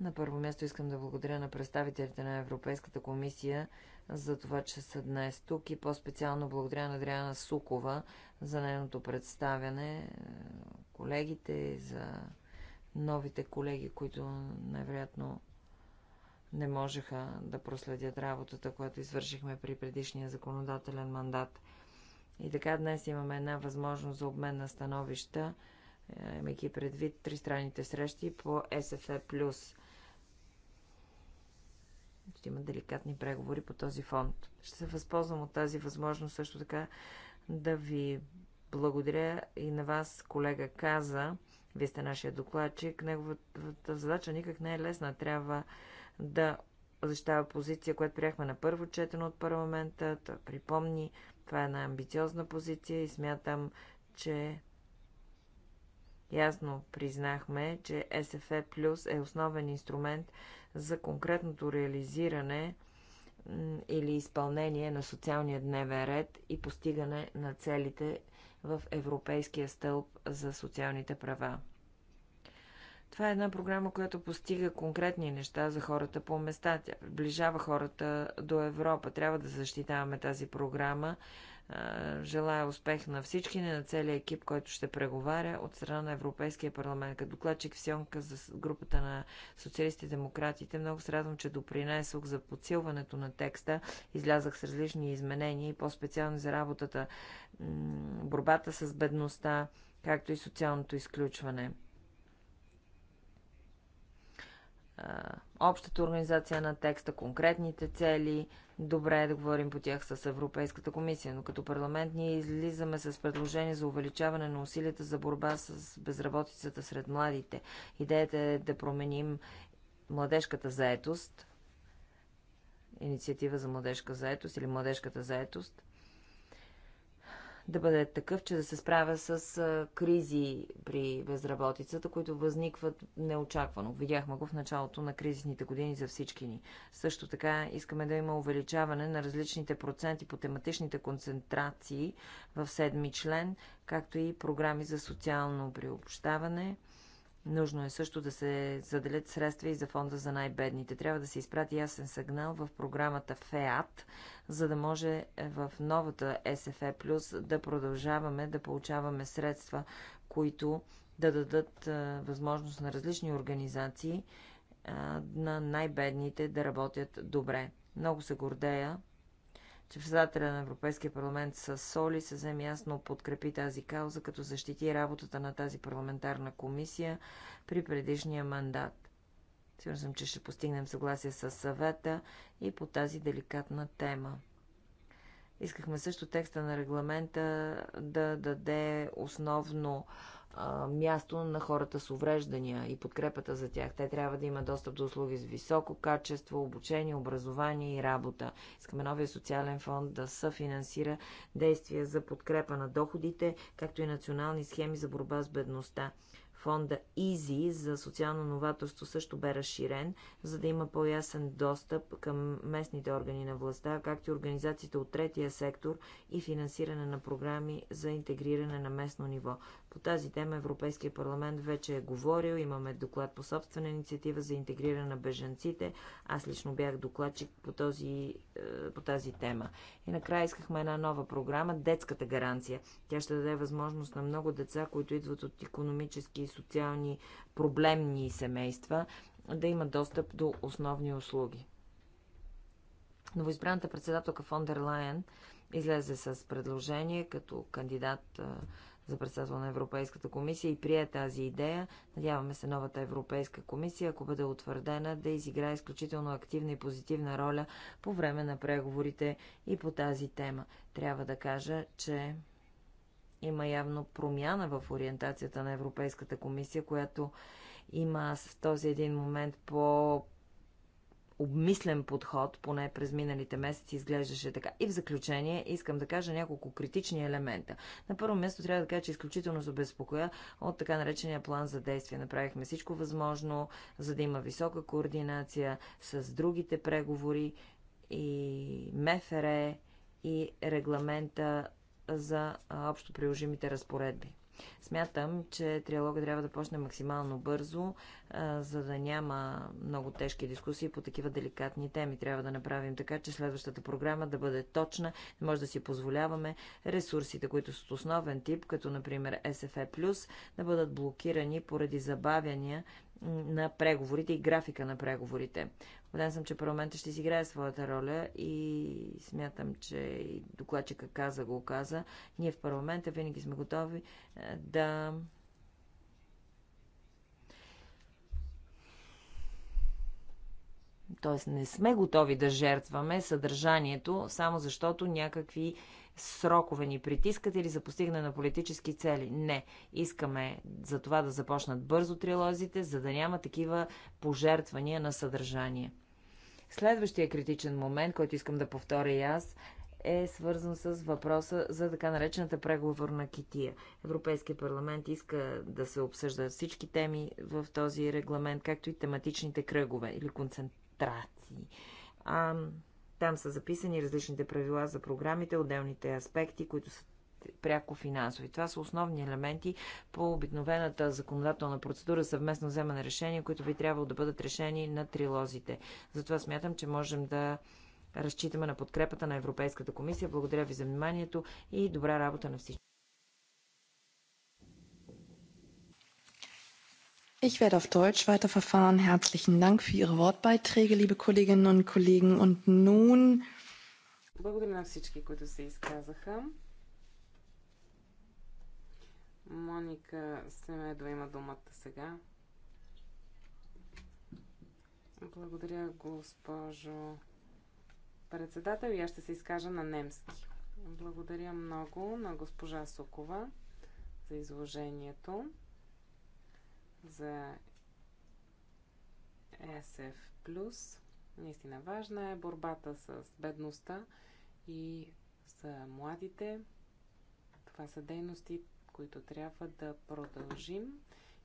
На първо място искам да благодаря на представителите на Европейската комисия за това, че са днес тук и по-специално благодаря на Адриана Сукова за нейното представяне, колегите за новите колеги, които най-вероятно не можеха да проследят работата, която извършихме при предишния законодателен мандат. И така днес имаме една възможност за обмен на становища, е, имайки предвид страните срещи по СФЕ+. Ще има деликатни преговори по този фонд. Ще се възползвам от тази възможност също така да ви благодаря и на вас, колега Каза, вие сте нашия докладчик. Неговата задача никак не е лесна. Трябва да защитава позиция, която приехме на първо четено от парламента. Той припомни, това е една амбициозна позиция и смятам, че ясно признахме, че СФЕ Плюс е основен инструмент за конкретното реализиране или изпълнение на социалния дневен ред и постигане на целите в Европейския стълб за социалните права. Това е една програма, която постига конкретни неща за хората по места. Тя приближава хората до Европа. Трябва да защитаваме тази програма, Желая успех на всички, не на целия екип, който ще преговаря от страна на Европейския парламент. Като докладчик в Сионка за групата на социалисти и демократите, много се радвам, че допринесох за подсилването на текста. Излязах с различни изменения и по-специално за работата, борбата с бедността, както и социалното изключване. общата организация на текста, конкретните цели. Добре е да говорим по тях с Европейската комисия, но като парламент ние излизаме с предложение за увеличаване на усилията за борба с безработицата сред младите. Идеята е да променим младежката заетост, инициатива за младежка заетост или младежката заетост, да бъде такъв, че да се справя с кризи при безработицата, които възникват неочаквано. Видяхме го в началото на кризисните години за всички ни. Също така искаме да има увеличаване на различните проценти по тематичните концентрации в седми член, както и програми за социално приобщаване – Нужно е също да се заделят средства и за фонда за най-бедните. Трябва да се изпрати ясен сигнал в програмата ФЕАТ, за да може в новата СФЕ Плюс да продължаваме да получаваме средства, които да дадат възможност на различни организации на най-бедните да работят добре. Много се гордея, че председателя на Европейския парламент с се вземе ясно подкрепи тази кауза, като защити работата на тази парламентарна комисия при предишния мандат. Сигурен съм, че ще постигнем съгласие с съвета и по тази деликатна тема. Искахме също текста на регламента да даде основно място на хората с увреждания и подкрепата за тях. Те трябва да имат достъп до услуги с високо качество, обучение, образование и работа. Искаме новия социален фонд да съфинансира действия за подкрепа на доходите, както и национални схеми за борба с бедността. Фонда ИЗИ за социално новаторство също бе разширен, за да има по-ясен достъп към местните органи на властта, както и организациите от третия сектор и финансиране на програми за интегриране на местно ниво. По тази тема Европейския парламент вече е говорил, имаме доклад по собствена инициатива за интегриране на бежанците. Аз лично бях докладчик по, този, е, по тази тема. И накрая искахме една нова програма – детската гаранция. Тя ще даде възможност на много деца, които идват от економически социални проблемни семейства да имат достъп до основни услуги. Новоизбраната председателка фон дер Лайен излезе с предложение като кандидат за председател на Европейската комисия и прие тази идея. Надяваме се новата Европейска комисия, ако бъде утвърдена, да изиграе изключително активна и позитивна роля по време на преговорите и по тази тема. Трябва да кажа, че има явно промяна в ориентацията на Европейската комисия, която има в този един момент по обмислен подход, поне през миналите месеци изглеждаше така. И в заключение искам да кажа няколко критични елемента. На първо място трябва да кажа, че изключително се обезпокоя от така наречения план за действие. Направихме всичко възможно, за да има висока координация с другите преговори и МФР и регламента за общо приложимите разпоредби. Смятам, че триалога трябва да почне максимално бързо, за да няма много тежки дискусии по такива деликатни теми. Трябва да направим така, че следващата програма да бъде точна, може да си позволяваме ресурсите, които са от основен тип, като например SFE+, да бъдат блокирани поради забавяния на преговорите и графика на преговорите. Убеден съм, че парламента ще си играе своята роля и смятам, че и докладчика каза го каза. Ние в парламента винаги сме готови е, да Тоест не сме готови да жертваме съдържанието, само защото някакви срокове ни притискат или за постигане на политически цели. Не. Искаме за това да започнат бързо трилозите, за да няма такива пожертвания на съдържание. Следващия критичен момент, който искам да повторя и аз, е свързан с въпроса за така наречената преговорна кития. Европейския парламент иска да се обсъждат всички теми в този регламент, както и тематичните кръгове или концентрации. А, там са записани различните правила за програмите, отделните аспекти, които са пряко финансови. Това са основни елементи по обикновената законодателна процедура съвместно вземане решения, които би трябвало да бъдат решени на трилозите. Затова смятам, че можем да разчитаме на подкрепата на Европейската комисия. Благодаря ви за вниманието и добра работа на всички. Ich werde auf Deutsch weiterverfahren. Herzlichen Dank für Ihre Wortbeiträge, liebe Kolleginnen und Kollegen. Und nun. Благодаря на всички, които се изказаха. Моника Семедо има думата сега. Благодаря, госпожо председател. И аз ще се изкажа на немски. Благодаря много на госпожа Сокова за изложението, за SF+. Наистина важна е борбата с бедността и за младите. Това са дейности, които трябва да продължим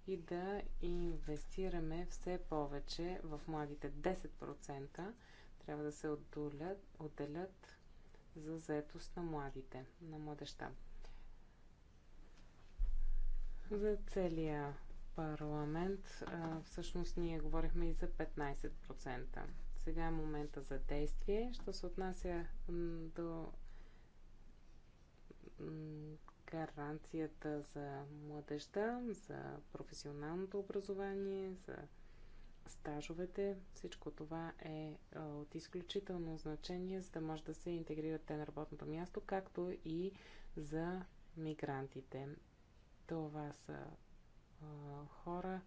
и да инвестираме все повече в младите. 10% трябва да се отделят, отделят за заетост на младите, на младеща. За целия парламент всъщност ние говорихме и за 15%. Сега е момента за действие. Що се отнася до гаранцията за младеща, за професионалното образование, за стажовете. Всичко това е, е от изключително значение, за да може да се интегрират те на работното място, както и за мигрантите. Това са хора,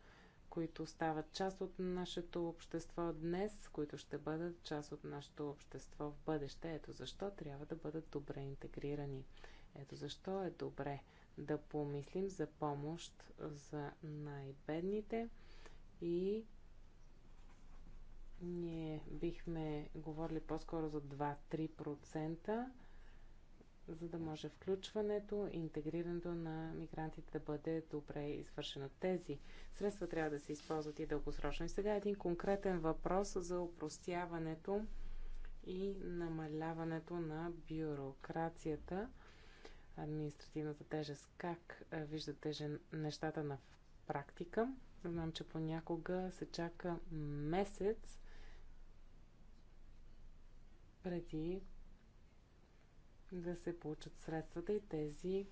които стават част от нашето общество днес, които ще бъдат част от нашето общество в бъдеще. Ето защо трябва да бъдат добре интегрирани. Ето защо е добре да помислим за помощ за най-бедните и ние бихме говорили по-скоро за 2-3%, за да може включването, интегрирането на мигрантите да бъде добре извършено. Тези средства трябва да се използват и дългосрочно. И сега един конкретен въпрос за упростяването и намаляването на бюрокрацията административната тежест. Как виждате нещата на практика? Знам, че понякога се чака месец преди да се получат средствата и тези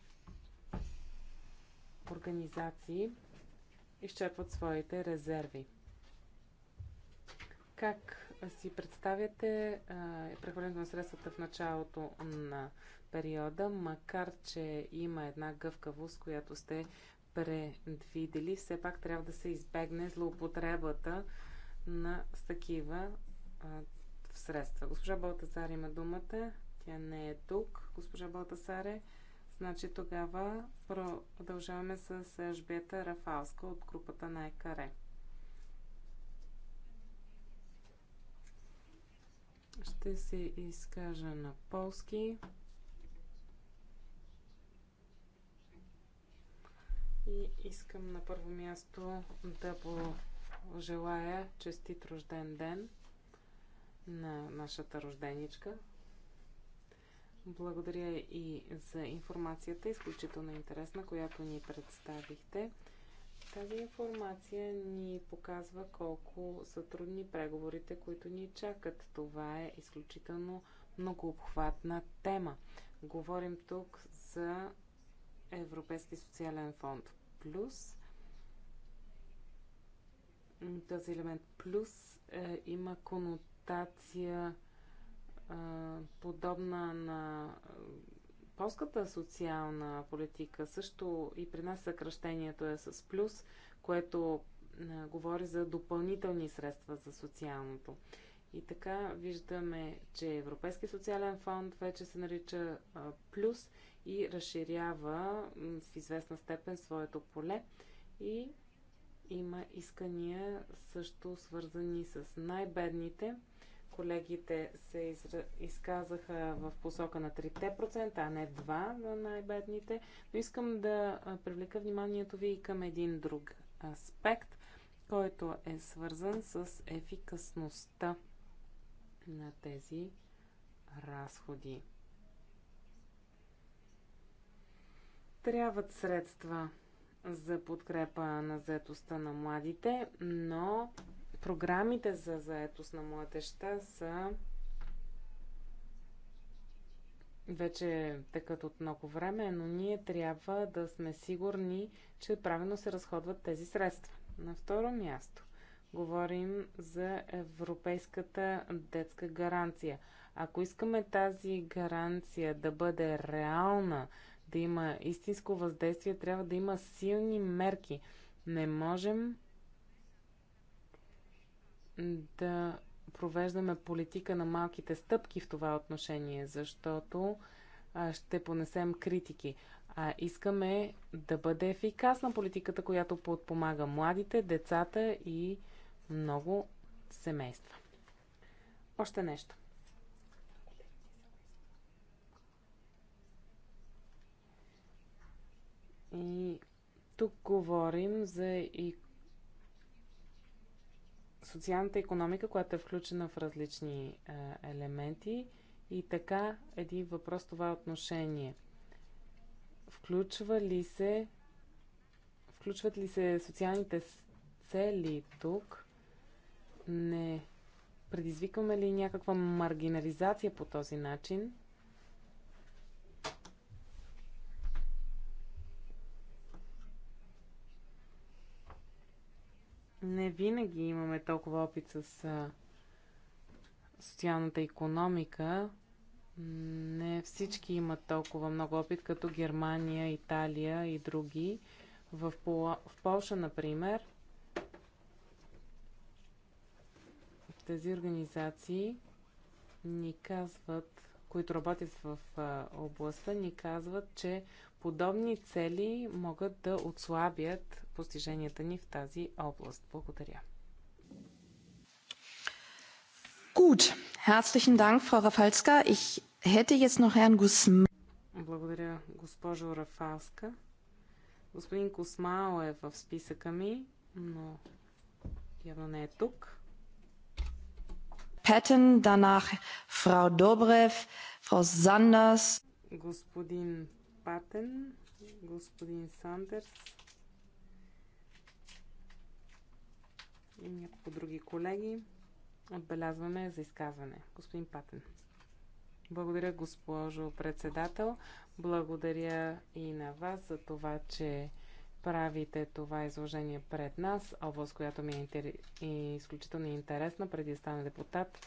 организации изчерпват своите резерви. Как си представяте прехвърлянето на средствата в началото на периода, макар че има една гъвкавост, която сте предвидели, все пак трябва да се избегне злоупотребата на такива а, средства. Госпожа Балтасар има думата. Тя не е тук. Госпожа Балтасаре, значи тогава продължаваме с Ежбета Рафалска от групата на ЕКАРЕ. Ще се изкажа на полски. И искам на първо място да пожелая честит рожден ден на нашата рожденичка. Благодаря и за информацията, изключително интересна, която ни представихте. Тази информация ни показва колко са трудни преговорите, които ни чакат. Това е изключително многообхватна тема. Говорим тук за Европейски социален фонд плюс. Този елемент плюс е, има конотация е, подобна на е, полската социална политика. Също и при нас съкръщението е с плюс, което е, говори за допълнителни средства за социалното. И така виждаме, че Европейски социален фонд вече се нарича е, Плюс и разширява в известна степен своето поле и има искания също свързани с най-бедните. Колегите се изра... изказаха в посока на 3%, а не 2% на най-бедните. Но искам да привлека вниманието ви и към един друг аспект, който е свързан с ефикасността на тези разходи. Трябват средства за подкрепа на заетостта на младите, но програмите за заетост на младеща са вече тъкат от много време, но ние трябва да сме сигурни, че правилно се разходват тези средства. На второ място говорим за Европейската детска гаранция. Ако искаме тази гаранция да бъде реална, да има истинско въздействие, трябва да има силни мерки. Не можем да провеждаме политика на малките стъпки в това отношение, защото ще понесем критики. А искаме да бъде ефикасна политиката, която подпомага младите, децата и много семейства. Още нещо. И тук говорим за и социалната економика, която е включена в различни а, е, елементи. И така, един въпрос това е отношение. Включва ли се, включват ли се социалните цели тук? Не. Предизвикваме ли някаква маргинализация по този начин? не винаги имаме толкова опит с а, социалната економика. Не всички имат толкова много опит, като Германия, Италия и други. В, Пол... в Полша, например, тези организации ни казват, които работят в областта, ни казват, че Подобни цели могат да отслабят постиженията ни в тази област. Благодаря. Gut, herzlichen Dank, Frau Rafalska. Ich hätte jetzt noch Herrn Guzman. Благодаря, госпожо Рафалска. Господин Кусмао е в списъка ми, но явно не е тук. Петен, данах, фрау Добрев, фрау Сандърс. Господин Патен, господин Сандърс и няколко други колеги. Отбелязваме за изказване. Господин Патен. Благодаря, госпожо председател. Благодаря и на вас за това, че правите това изложение пред нас, област, която ми е интер... изключително интересна преди да стана депутат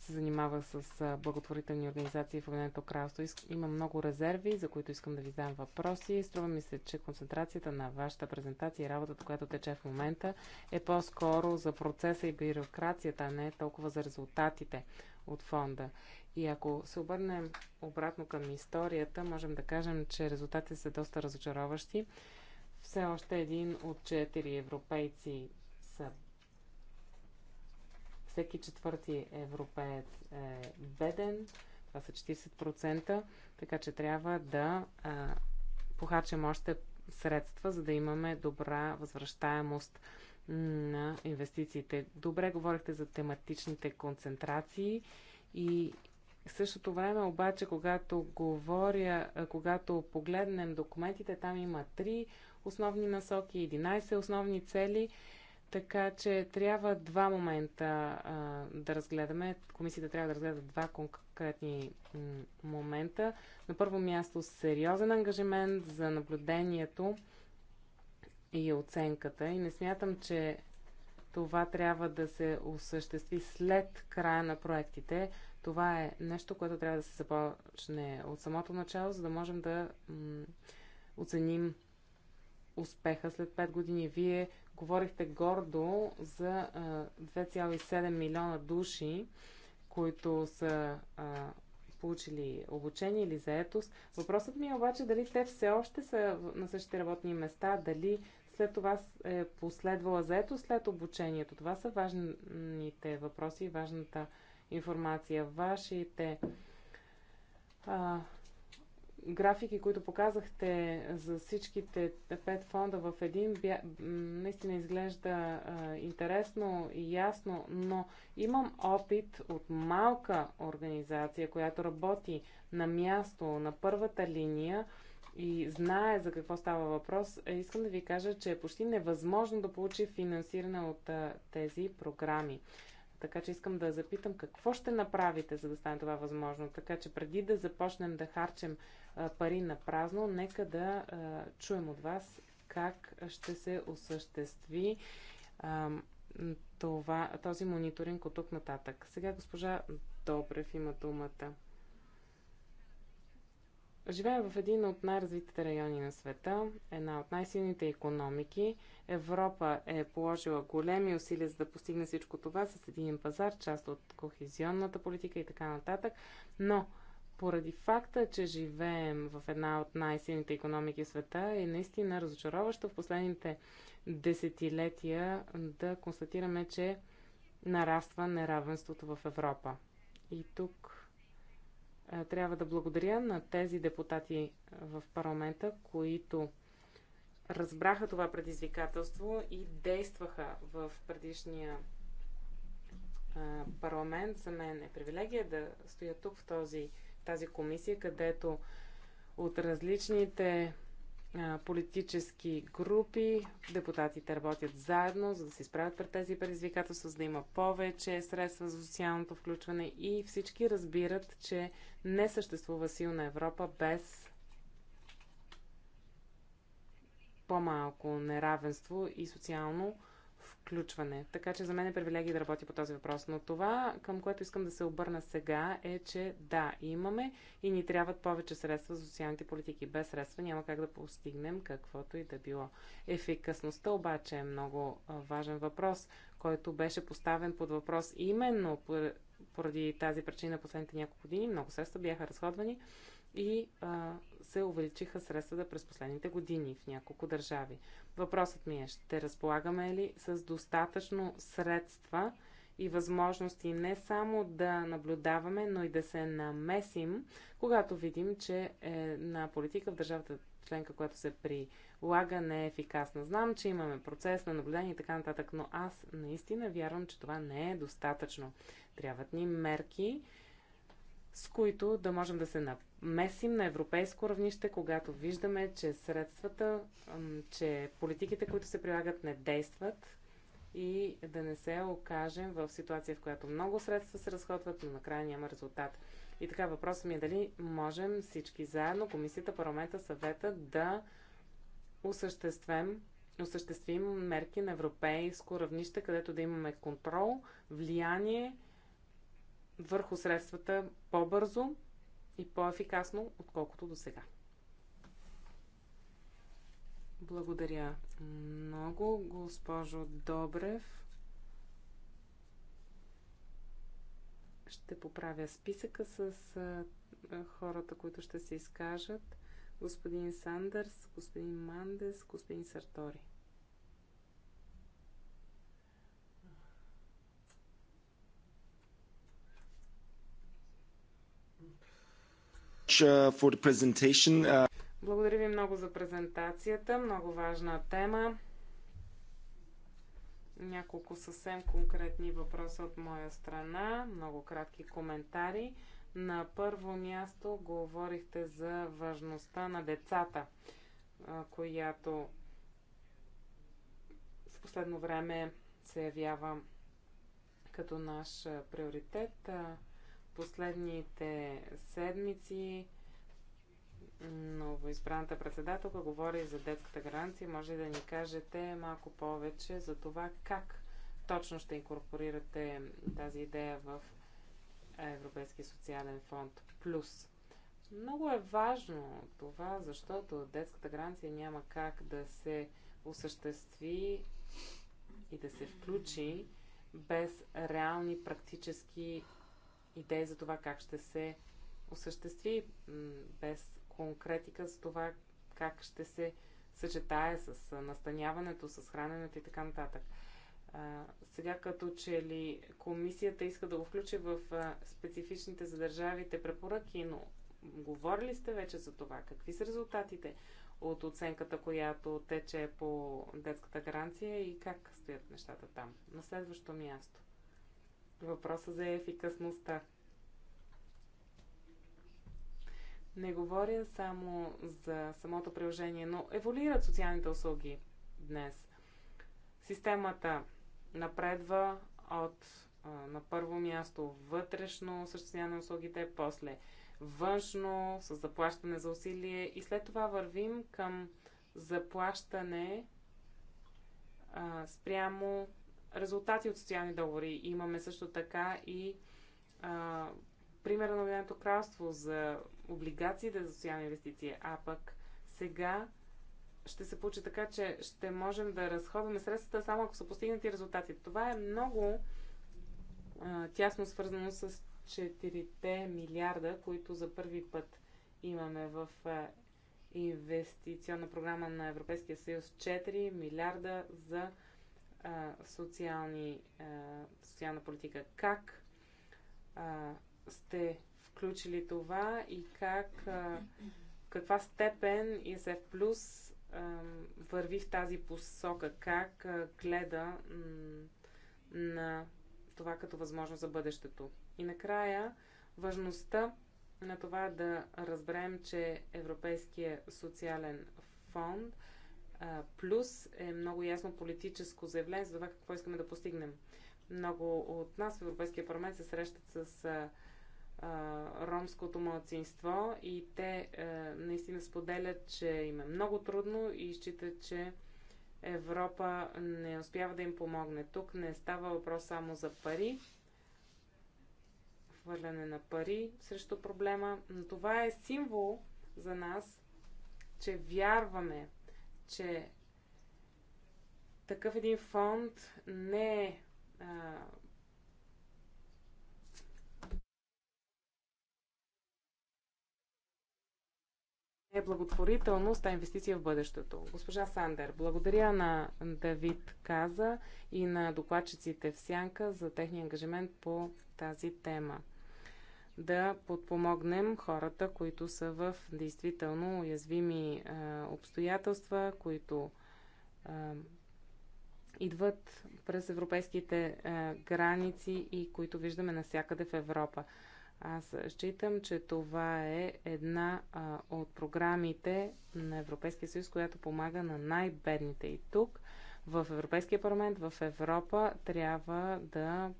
се занимава с благотворителни организации в Обединеното кралство. Има много резерви, за които искам да ви задам въпроси. Струва ми се, че концентрацията на вашата презентация и работата, която тече в момента, е по-скоро за процеса и бюрокрацията, а не толкова за резултатите от фонда. И ако се обърнем обратно към историята, можем да кажем, че резултатите са доста разочароващи. Все още един от четири европейци са всеки четвърти европеец е беден. Това са 40%. Така че трябва да а, похарчим още средства, за да имаме добра възвръщаемост на инвестициите. Добре говорихте за тематичните концентрации и в същото време обаче, когато говоря, когато погледнем документите, там има три основни насоки, 11 основни цели така че трябва два момента а, да разгледаме. Комисията трябва да разгледа два конкретни момента. На първо място сериозен ангажимент за наблюдението и оценката. И не смятам, че това трябва да се осъществи след края на проектите. Това е нещо, което трябва да се започне от самото начало, за да можем да оценим успеха след 5 години. Вие говорихте гордо за 2,7 милиона души, които са получили обучение или заетост. Въпросът ми е обаче дали те все още са на същите работни места, дали след това е последвала заетост след обучението. Това са важните въпроси и важната информация. Вашите а, графики, които показахте за всичките пет фонда в един, бя, наистина изглежда а, интересно и ясно, но имам опит от малка организация, която работи на място, на първата линия и знае за какво става въпрос. Е, искам да ви кажа, че е почти невъзможно да получи финансиране от а, тези програми. Така че искам да запитам какво ще направите, за да стане това възможно. Така че преди да започнем да харчем пари на празно. Нека да чуем от вас как ще се осъществи това, този мониторинг от тук нататък. Сега госпожа Добрев има думата. Живеем в един от най-развитите райони на света, една от най-силните економики. Европа е положила големи усилия за да постигне всичко това с един пазар, част от кохезионната политика и така нататък. Но поради факта, че живеем в една от най-силните економики в света, е наистина разочароващо в последните десетилетия да констатираме, че нараства неравенството в Европа. И тук е, трябва да благодаря на тези депутати е, в парламента, които разбраха това предизвикателство и действаха в предишния е, парламент. За мен е привилегия да стоя тук в този тази комисия, където от различните политически групи, депутатите работят заедно, за да се изправят пред тези предизвикателства, за да има повече средства за социалното включване и всички разбират, че не съществува силна Европа без по-малко неравенство и социално включване. Така че за мен е привилегия да работя по този въпрос. Но това, към което искам да се обърна сега, е, че да, имаме и ни трябват повече средства за социалните политики. Без средства няма как да постигнем каквото и да било. Ефикасността обаче е много важен въпрос, който беше поставен под въпрос именно поради тази причина последните няколко години. Много средства бяха разходвани и а, се увеличиха средствата през последните години в няколко държави. Въпросът ми е, ще разполагаме ли с достатъчно средства и възможности не само да наблюдаваме, но и да се намесим, когато видим, че е на политика в държавата членка, която се прилага, не е ефикасна. Знам, че имаме процес на наблюдение и така нататък, но аз наистина вярвам, че това не е достатъчно. Трябват ни мерки, с които да можем да се намесим на европейско равнище, когато виждаме, че средствата, че политиките, които се прилагат, не действат и да не се окажем в ситуация, в която много средства се разходват, но накрая няма резултат. И така въпросът ми е дали можем всички заедно, комисията, парламента, съвета, да осъществим, осъществим мерки на европейско равнище, където да имаме контрол, влияние върху средствата по-бързо и по-ефикасно, отколкото до сега. Благодаря много, госпожо Добрев. Ще поправя списъка с хората, които ще се изкажат. Господин Сандърс, господин Мандес, господин Сартори. Uh, for the presentation. Uh, Благодаря ви много за презентацията. Много важна тема. Няколко съвсем конкретни въпроса от моя страна, много кратки коментари. На първо място говорихте за важността на децата, която в последно време се явява като наш приоритет последните седмици новоизбраната председателка говори за детската гаранция. Може да ни кажете малко повече за това как точно ще инкорпорирате тази идея в Европейския социален фонд Плюс? Много е важно това, защото детската гаранция няма как да се осъществи и да се включи без реални практически идея за това как ще се осъществи, без конкретика за това как ще се съчетае с настаняването, с храненето и така нататък. А, сега като че ли комисията иска да го включи в а, специфичните за държавите препоръки, но говорили сте вече за това? Какви са резултатите от оценката, която тече по детската гаранция и как стоят нещата там? На следващо място въпроса за ефикасността. Не говоря само за самото приложение, но еволюират социалните услуги днес. Системата напредва от на първо място вътрешно съществяване на услугите, после външно с заплащане за усилие и след това вървим към заплащане а, спрямо резултати от социални договори. Имаме също така и а, примера на Обединеното кралство за облигациите за социални инвестиции, а пък сега ще се получи така, че ще можем да разходваме средствата само ако са постигнати резултати. Това е много а, тясно свързано с 4 милиарда, които за първи път имаме в а, инвестиционна програма на Европейския съюз. 4 милиарда за социални, а, социална политика. Как а, сте включили това и как, а, каква степен ИСФ Плюс върви в тази посока? Как а, гледа на това като възможно за бъдещето? И накрая, важността на това да разберем, че Европейския социален фонд – плюс е много ясно политическо заявление за това какво искаме да постигнем. Много от нас в Европейския парламент се срещат с а, а, ромското младсинство и те а, наистина споделят, че им е много трудно и считат, че Европа не успява да им помогне. Тук не става въпрос само за пари, хвърляне на пари срещу проблема, но това е символ за нас, че вярваме че такъв един фонд не е е благотворителност, а инвестиция в бъдещето. Госпожа Сандер, благодаря на Давид Каза и на докладчиците в Сянка за техния ангажимент по тази тема да подпомогнем хората, които са в действително уязвими а, обстоятелства, които а, идват през европейските а, граници и които виждаме навсякъде в Европа. Аз считам, че това е една а, от програмите на Европейския съюз, която помага на най-бедните. И тук, в Европейския парламент, в Европа, трябва да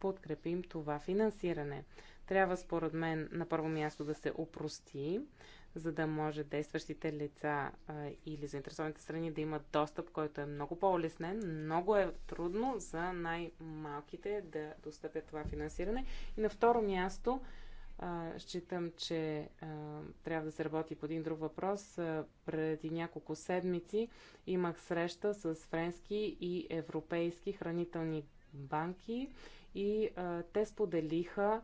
подкрепим това финансиране трябва според мен на първо място да се опрости, за да може действащите лица а, или заинтересованите страни да имат достъп, който е много по олеснен Много е трудно за най-малките да достъпят това финансиране. И на второ място, а, считам, че а, трябва да се работи по един друг въпрос. А, преди няколко седмици имах среща с френски и европейски хранителни банки и а, те споделиха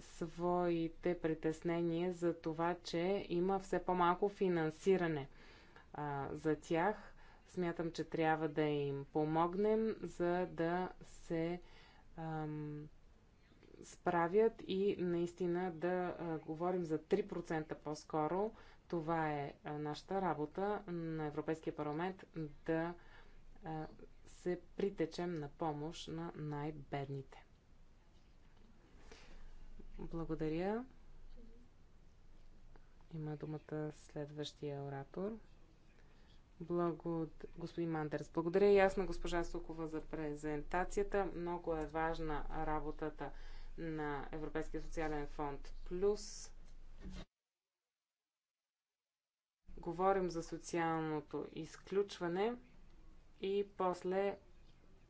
своите притеснения за това, че има все по-малко финансиране а, за тях. Смятам, че трябва да им помогнем, за да се ам, справят и наистина да а, говорим за 3% по-скоро. Това е а, нашата работа на Европейския парламент да а, се притечем на помощ на най-бедните. Благодаря. Има думата следващия оратор. Благод... Господин Мандерс, благодаря и аз на госпожа Сукова за презентацията. Много е важна работата на Европейския социален фонд Плюс. Говорим за социалното изключване и после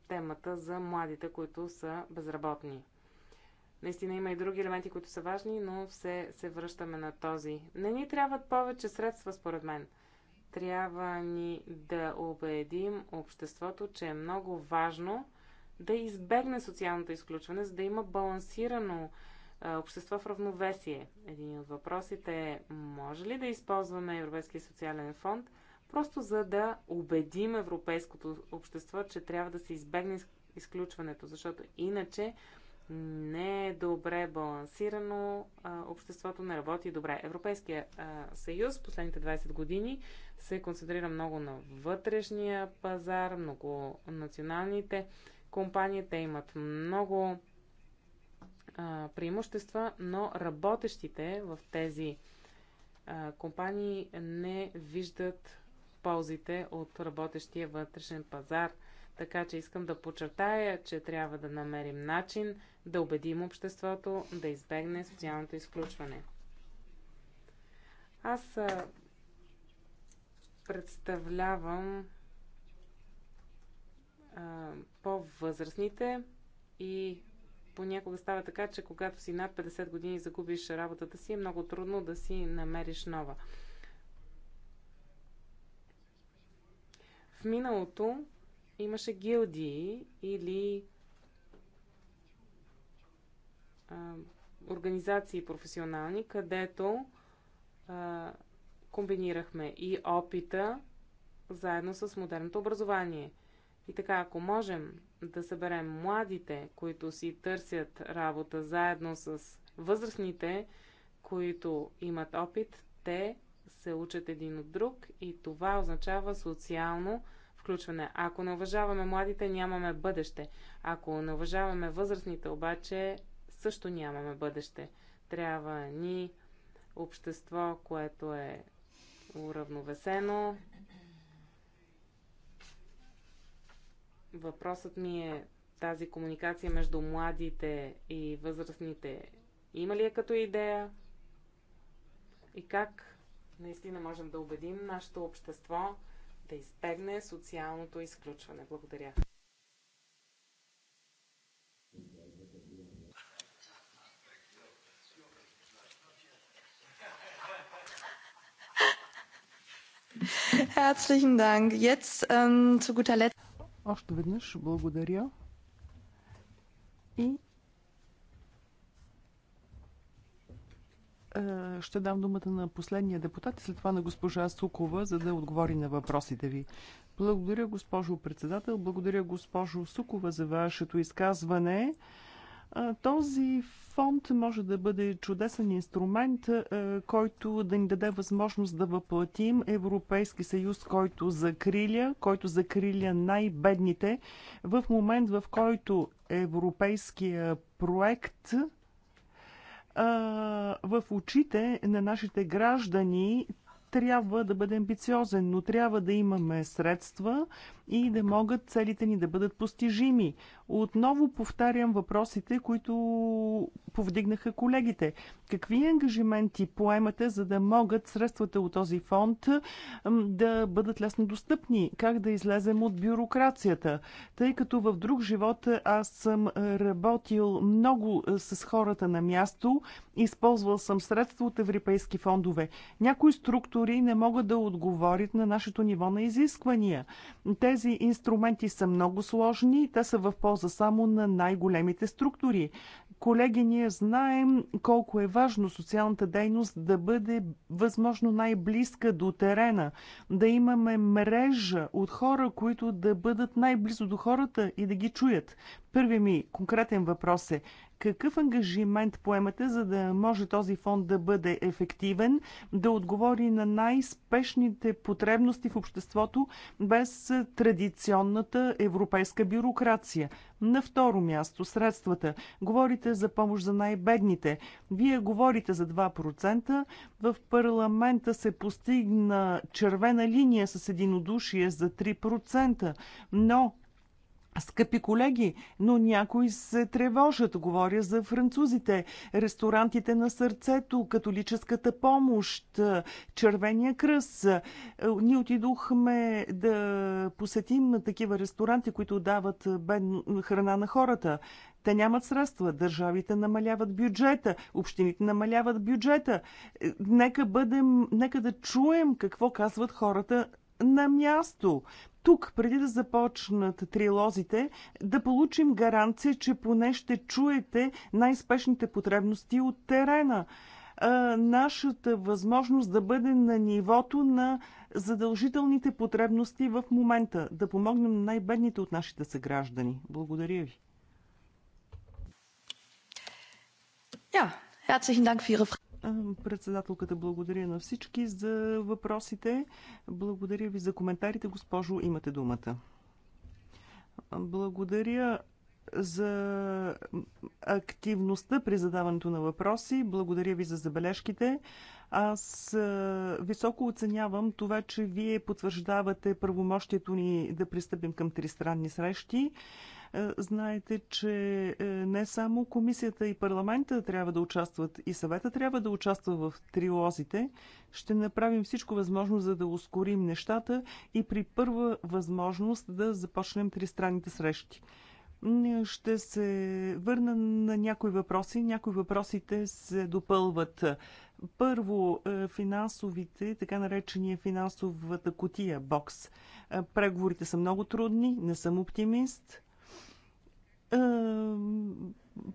темата за младите, които са безработни. Наистина има и други елементи, които са важни, но все се връщаме на този. Не ни трябват повече средства, според мен. Трябва ни да убедим обществото, че е много важно да избегне социалното изключване, за да има балансирано общество в равновесие. Един от въпросите е, може ли да използваме Европейския социален фонд, просто за да убедим европейското общество, че трябва да се избегне изключването, защото иначе не е добре балансирано, обществото не работи добре. Европейския съюз последните 20 години се концентрира много на вътрешния пазар, много националните компании, те имат много преимущества, но работещите в тези компании не виждат ползите от работещия вътрешен пазар така че искам да подчертая, че трябва да намерим начин да убедим обществото да избегне социалното изключване. Аз представлявам по-възрастните и понякога става така, че когато си над 50 години загубиш работата си, е много трудно да си намериш нова. В миналото имаше гилдии или а, организации професионални, където а, комбинирахме и опита заедно с модерното образование. И така, ако можем да съберем младите, които си търсят работа заедно с възрастните, които имат опит, те се учат един от друг и това означава социално включване. Ако не уважаваме младите, нямаме бъдеще. Ако не уважаваме възрастните, обаче също нямаме бъдеще. Трябва ни общество, което е уравновесено. Въпросът ми е тази комуникация между младите и възрастните. Има ли е като идея? И как наистина можем да убедим нашето общество, да избегне социалното изключване. Благодаря. Herzlichen Dank. Jetzt ähm, zu guter Letzt. Още веднъж благодаря. И Е, ще дам думата на последния депутат и след това на госпожа Сукова, за да отговори на въпросите ви. Благодаря, госпожо председател. Благодаря, госпожо Сукова, за вашето изказване. Е, този фонд може да бъде чудесен инструмент, е, който да ни даде възможност да въплатим Европейски съюз, който закриля, който закриля най-бедните в момент, в който европейския проект в очите на нашите граждани трябва да бъде амбициозен, но трябва да имаме средства и да могат целите ни да бъдат постижими. Отново повтарям въпросите, които повдигнаха колегите. Какви ангажименти поемате, за да могат средствата от този фонд да бъдат лесно достъпни? Как да излезем от бюрокрацията? Тъй като в друг живот аз съм работил много е, с хората на място Използвал съм средства от европейски фондове. Някои структури не могат да отговорят на нашето ниво на изисквания. Тези инструменти са много сложни, те са в полза само на най-големите структури. Колеги, ние знаем колко е важно социалната дейност да бъде възможно най-близка до терена, да имаме мрежа от хора, които да бъдат най-близо до хората и да ги чуят. Първи ми конкретен въпрос е, какъв ангажимент поемате, за да може този фонд да бъде ефективен, да отговори на най-спешните потребности в обществото без традиционната европейска бюрокрация? На второ място, средствата. Говорите за помощ за най-бедните. Вие говорите за 2%. В парламента се постигна червена линия с единодушие за 3%. Но Скъпи колеги, но някои се тревожат. Говоря за французите, ресторантите на сърцето, католическата помощ, Червения кръст. Ние отидохме да посетим такива ресторанти, които дават бедно храна на хората. Те нямат средства, държавите намаляват бюджета, общините намаляват бюджета. Нека бъдем, нека да чуем какво казват хората на място тук, преди да започнат трилозите, да получим гаранция, че поне ще чуете най-спешните потребности от терена. А, нашата възможност да бъде на нивото на задължителните потребности в момента, да помогнем на най-бедните от нашите съграждани. Благодаря ви. Ja, herzlichen Dank für Ihre Frage. Председателката благодаря на всички за въпросите. Благодаря ви за коментарите. Госпожо, имате думата. Благодаря за активността при задаването на въпроси. Благодаря ви за забележките. Аз високо оценявам това, че вие потвърждавате правомощието ни да пристъпим към тристранни срещи. Е, знаете, че е, не само комисията и парламента трябва да участват, и съвета трябва да участва в трилозите. Ще направим всичко възможно, за да ускорим нещата и при първа възможност да започнем тристранните срещи. Ще се върна на някои въпроси. Някои въпросите се допълват. Първо, е, финансовите, така наречения финансовата котия, бокс. Преговорите са много трудни, не съм оптимист.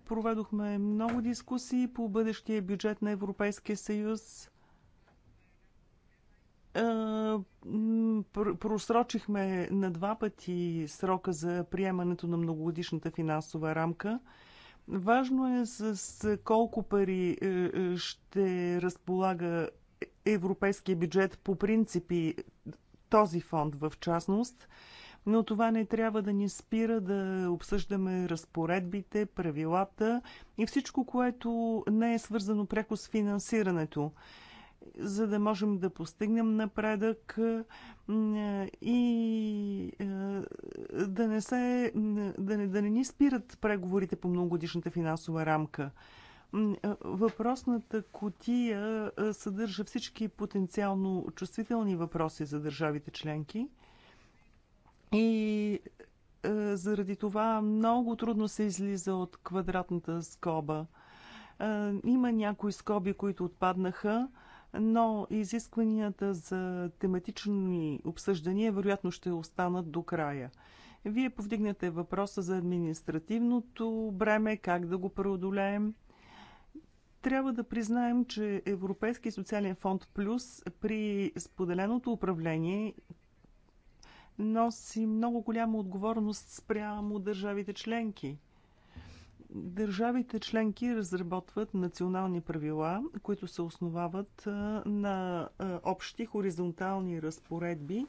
Проведохме много дискусии по бъдещия бюджет на Европейския съюз. Просрочихме на два пъти срока за приемането на многогодишната финансова рамка. Важно е с колко пари е, е, ще разполага европейския бюджет по принципи този фонд в частност но това не трябва да ни спира да обсъждаме разпоредбите, правилата и всичко, което не е свързано пряко с финансирането за да можем да постигнем напредък е, и е, да не, се, да не, да не ни спират преговорите по многогодишната финансова рамка. Е, въпросната котия съдържа всички потенциално чувствителни въпроси за държавите членки – и е, заради това много трудно се излиза от квадратната скоба. Е, има някои скоби, които отпаднаха, но изискванията за тематични обсъждания вероятно ще останат до края. Вие повдигнете въпроса за административното бреме, как да го преодолеем. Трябва да признаем, че Европейски социален фонд Плюс при споделеното управление, носи много голяма отговорност спрямо държавите членки. Държавите членки разработват национални правила, които се основават на общи хоризонтални разпоредби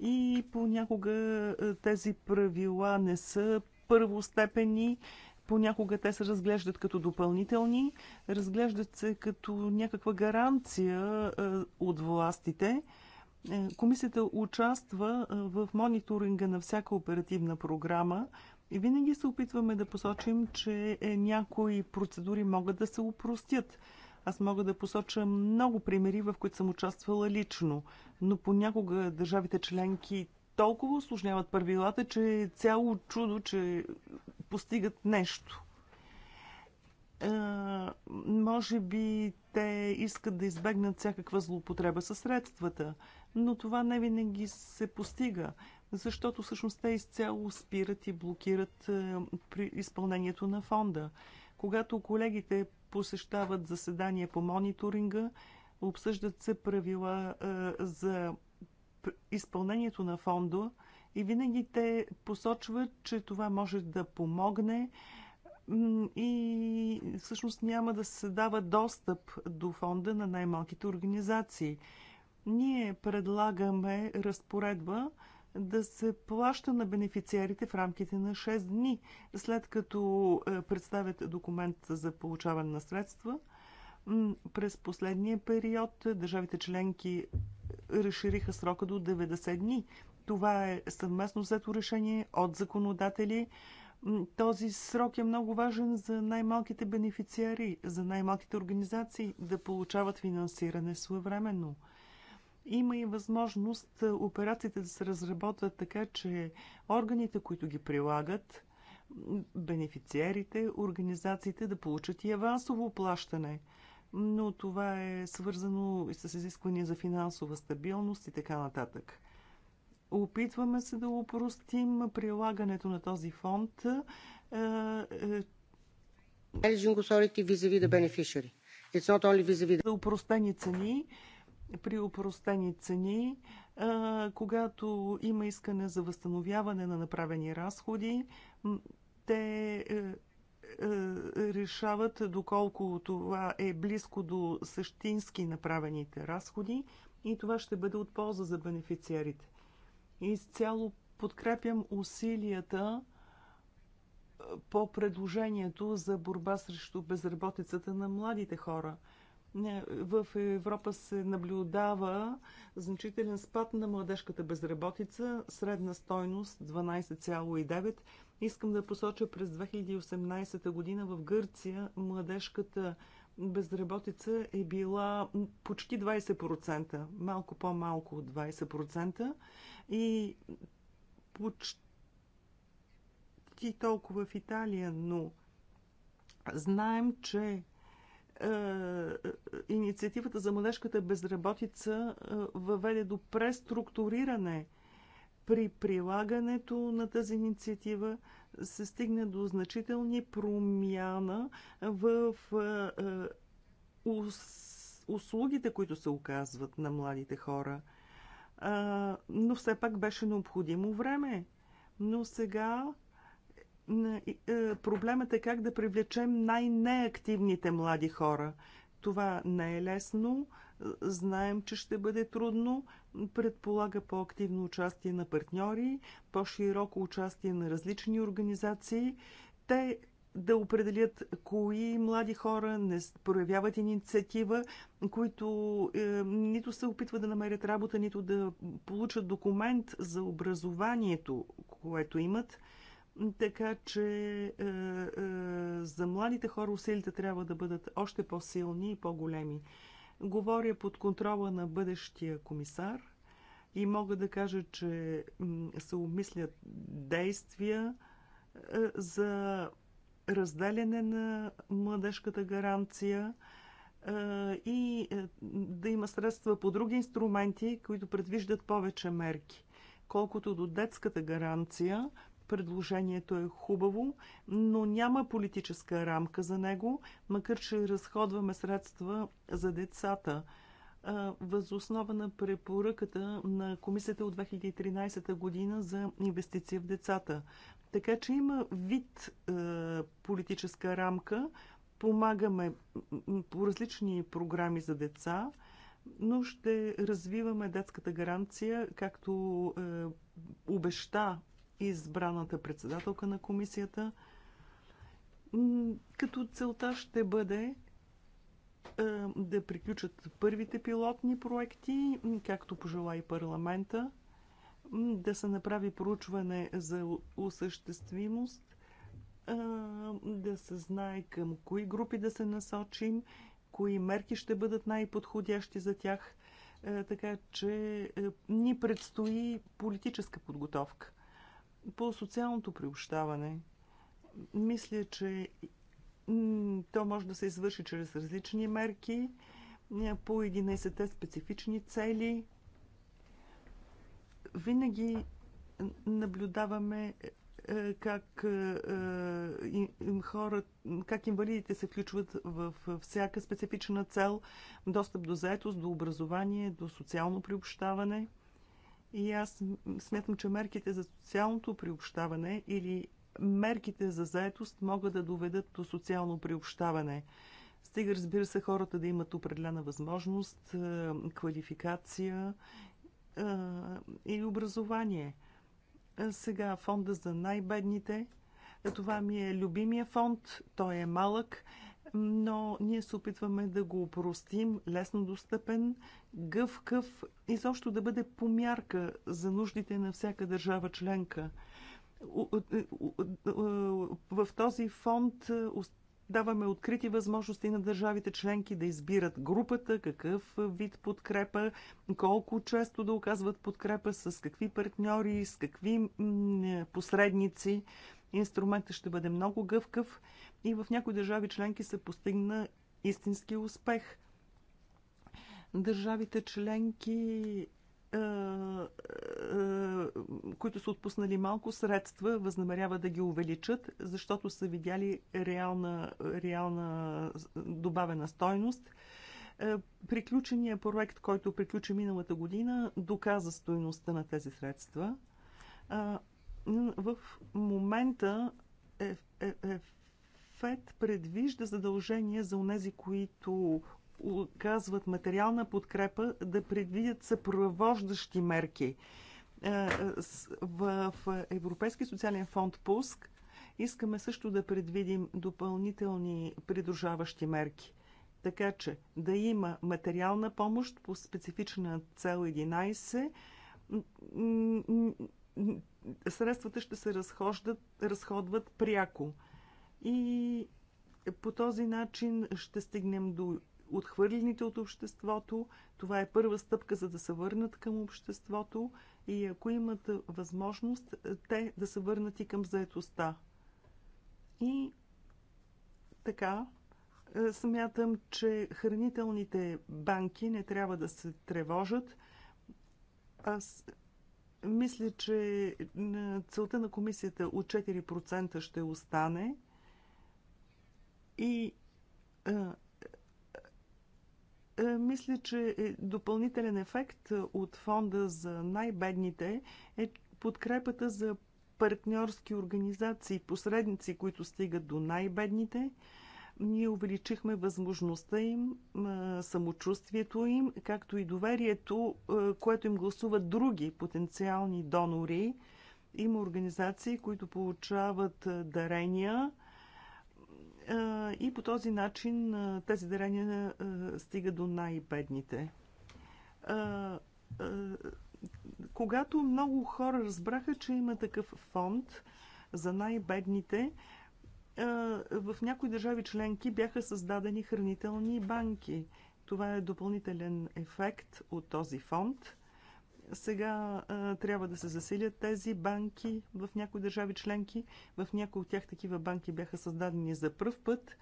и понякога тези правила не са първостепени, понякога те се разглеждат като допълнителни, разглеждат се като някаква гаранция от властите – е, комисията участва е, в мониторинга на всяка оперативна програма и винаги се опитваме да посочим, че е, някои процедури могат да се упростят. Аз мога да посоча много примери, в които съм участвала лично, но понякога държавите членки толкова осложняват правилата, че е цяло чудо, че постигат нещо. Е, може би те искат да избегнат всякаква злоупотреба със средствата, но това не винаги се постига, защото всъщност те изцяло спират и блокират е, при изпълнението на фонда. Когато колегите посещават заседания по мониторинга, обсъждат се правила е, за изпълнението на фонда и винаги те посочват, че това може да помогне и всъщност няма да се дава достъп до фонда на най-малките организации. Ние предлагаме разпоредба да се плаща на бенефициарите в рамките на 6 дни, след като е, представят документ за получаване на средства. През последния период държавите членки разшириха срока до 90 дни. Това е съвместно взето решение от законодатели този срок е много важен за най-малките бенефициари, за най-малките организации да получават финансиране своевременно. Има и възможност операциите да се разработват така, че органите, които ги прилагат, бенефициерите, организациите да получат и авансово плащане. Но това е свързано и с изисквания за финансова стабилност и така нататък. Опитваме се да упростим прилагането на този фонд. Managing authority vis-a-vis the beneficiary. It's not only vis-a-vis the... Упростени цени, при упростени цени, когато има искане за възстановяване на направени разходи, те е, е, решават доколко това е близко до същински направените разходи и това ще бъде от полза за бенефициарите. Изцяло подкрепям усилията по предложението за борба срещу безработицата на младите хора. В Европа се наблюдава значителен спад на младежката безработица, средна стойност 12,9. Искам да посоча през 2018 година в Гърция младежката безработица безработица е била почти 20%, малко по-малко от 20% и почти толкова в Италия, но знаем, че е, е, инициативата за младежката безработица е, въведе до преструктуриране при прилагането на тази инициатива се стигне до значителни промяна в услугите, които се оказват на младите хора. Но все пак беше необходимо време. Но сега проблемът е как да привлечем най-неактивните млади хора. Това не е лесно, Знаем, че ще бъде трудно. Предполага по-активно участие на партньори, по-широко участие на различни организации. Те да определят кои млади хора не проявяват инициатива, които е, нито се опитват да намерят работа, нито да получат документ за образованието, което имат. Така че е, е, за младите хора усилите трябва да бъдат още по-силни и по-големи. Говоря под контрола на бъдещия комисар и мога да кажа, че се обмислят действия е, за разделяне на младежката гаранция е, и е, да има средства по други инструменти, които предвиждат повече мерки. Колкото до детската гаранция, Предложението е хубаво, но няма политическа рамка за него, макар че разходваме средства за децата. Възоснова на препоръката на комисията от 2013 година за инвестиции в децата. Така че има вид е, политическа рамка. Помагаме по различни програми за деца, но ще развиваме детската гаранция, както е, обеща избраната председателка на комисията, като целта ще бъде е, да приключат първите пилотни проекти, както пожела и парламента, да се направи проучване за осъществимост, е, да се знае към кои групи да се насочим, кои мерки ще бъдат най-подходящи за тях. Е, така че ни предстои политическа подготовка. По социалното приобщаване, мисля, че то може да се извърши чрез различни мерки по 11-те специфични цели. Винаги наблюдаваме е, е, как, е, хора, как инвалидите се включват в всяка специфична цел, достъп до заетост, до образование, до социално приобщаване – и аз смятам, че мерките за социалното приобщаване или мерките за заетост могат да доведат до социално приобщаване. Стига, разбира се, хората да имат определена възможност, е, квалификация е, и образование. Е, сега фонда за най-бедните. Това ми е любимия фонд. Той е малък но ние се опитваме да го упростим, лесно достъпен, гъвкав и защо да бъде помярка за нуждите на всяка държава членка. В този фонд е, даваме открити възможности на държавите членки да избират групата, какъв вид подкрепа, колко често да оказват подкрепа, с какви партньори, с какви посредници. Инструментът ще бъде много гъвкав и в някои държави членки се постигна истински успех. Държавите членки е, е, които са отпуснали малко средства, възнамеряват да ги увеличат, защото са видяли реална, реална добавена стойност. Е, Приключения проект, който приключи миналата година, доказа стойността на тези средства в момента е, е, е, ФЕД предвижда задължения за онези, които оказват материална подкрепа, да предвидят съпровождащи мерки. Е, е, в Европейски социален фонд ПУСК искаме също да предвидим допълнителни придружаващи мерки. Така че да има материална помощ по специфична цел 11, средствата ще се разхождат, разходват пряко. И по този начин ще стигнем до отхвърлените от обществото. Това е първа стъпка, за да се върнат към обществото и ако имат възможност, те да се върнат и към заетостта. И така, е, смятам, че хранителните банки не трябва да се тревожат. Аз мисля, че целта на комисията от 4% ще остане и мисля, че е, допълнителен ефект от фонда за най-бедните е подкрепата за партньорски организации, посредници, които стигат до най-бедните – ние увеличихме възможността им, самочувствието им, както и доверието, което им гласуват други потенциални донори. Има организации, които получават дарения и по този начин тези дарения стига до най-бедните. Когато много хора разбраха, че има такъв фонд за най-бедните, в някои държави членки бяха създадени хранителни банки. Това е допълнителен ефект от този фонд. Сега а, трябва да се засилят тези банки в някои държави членки. В някои от тях такива банки бяха създадени за пръв път.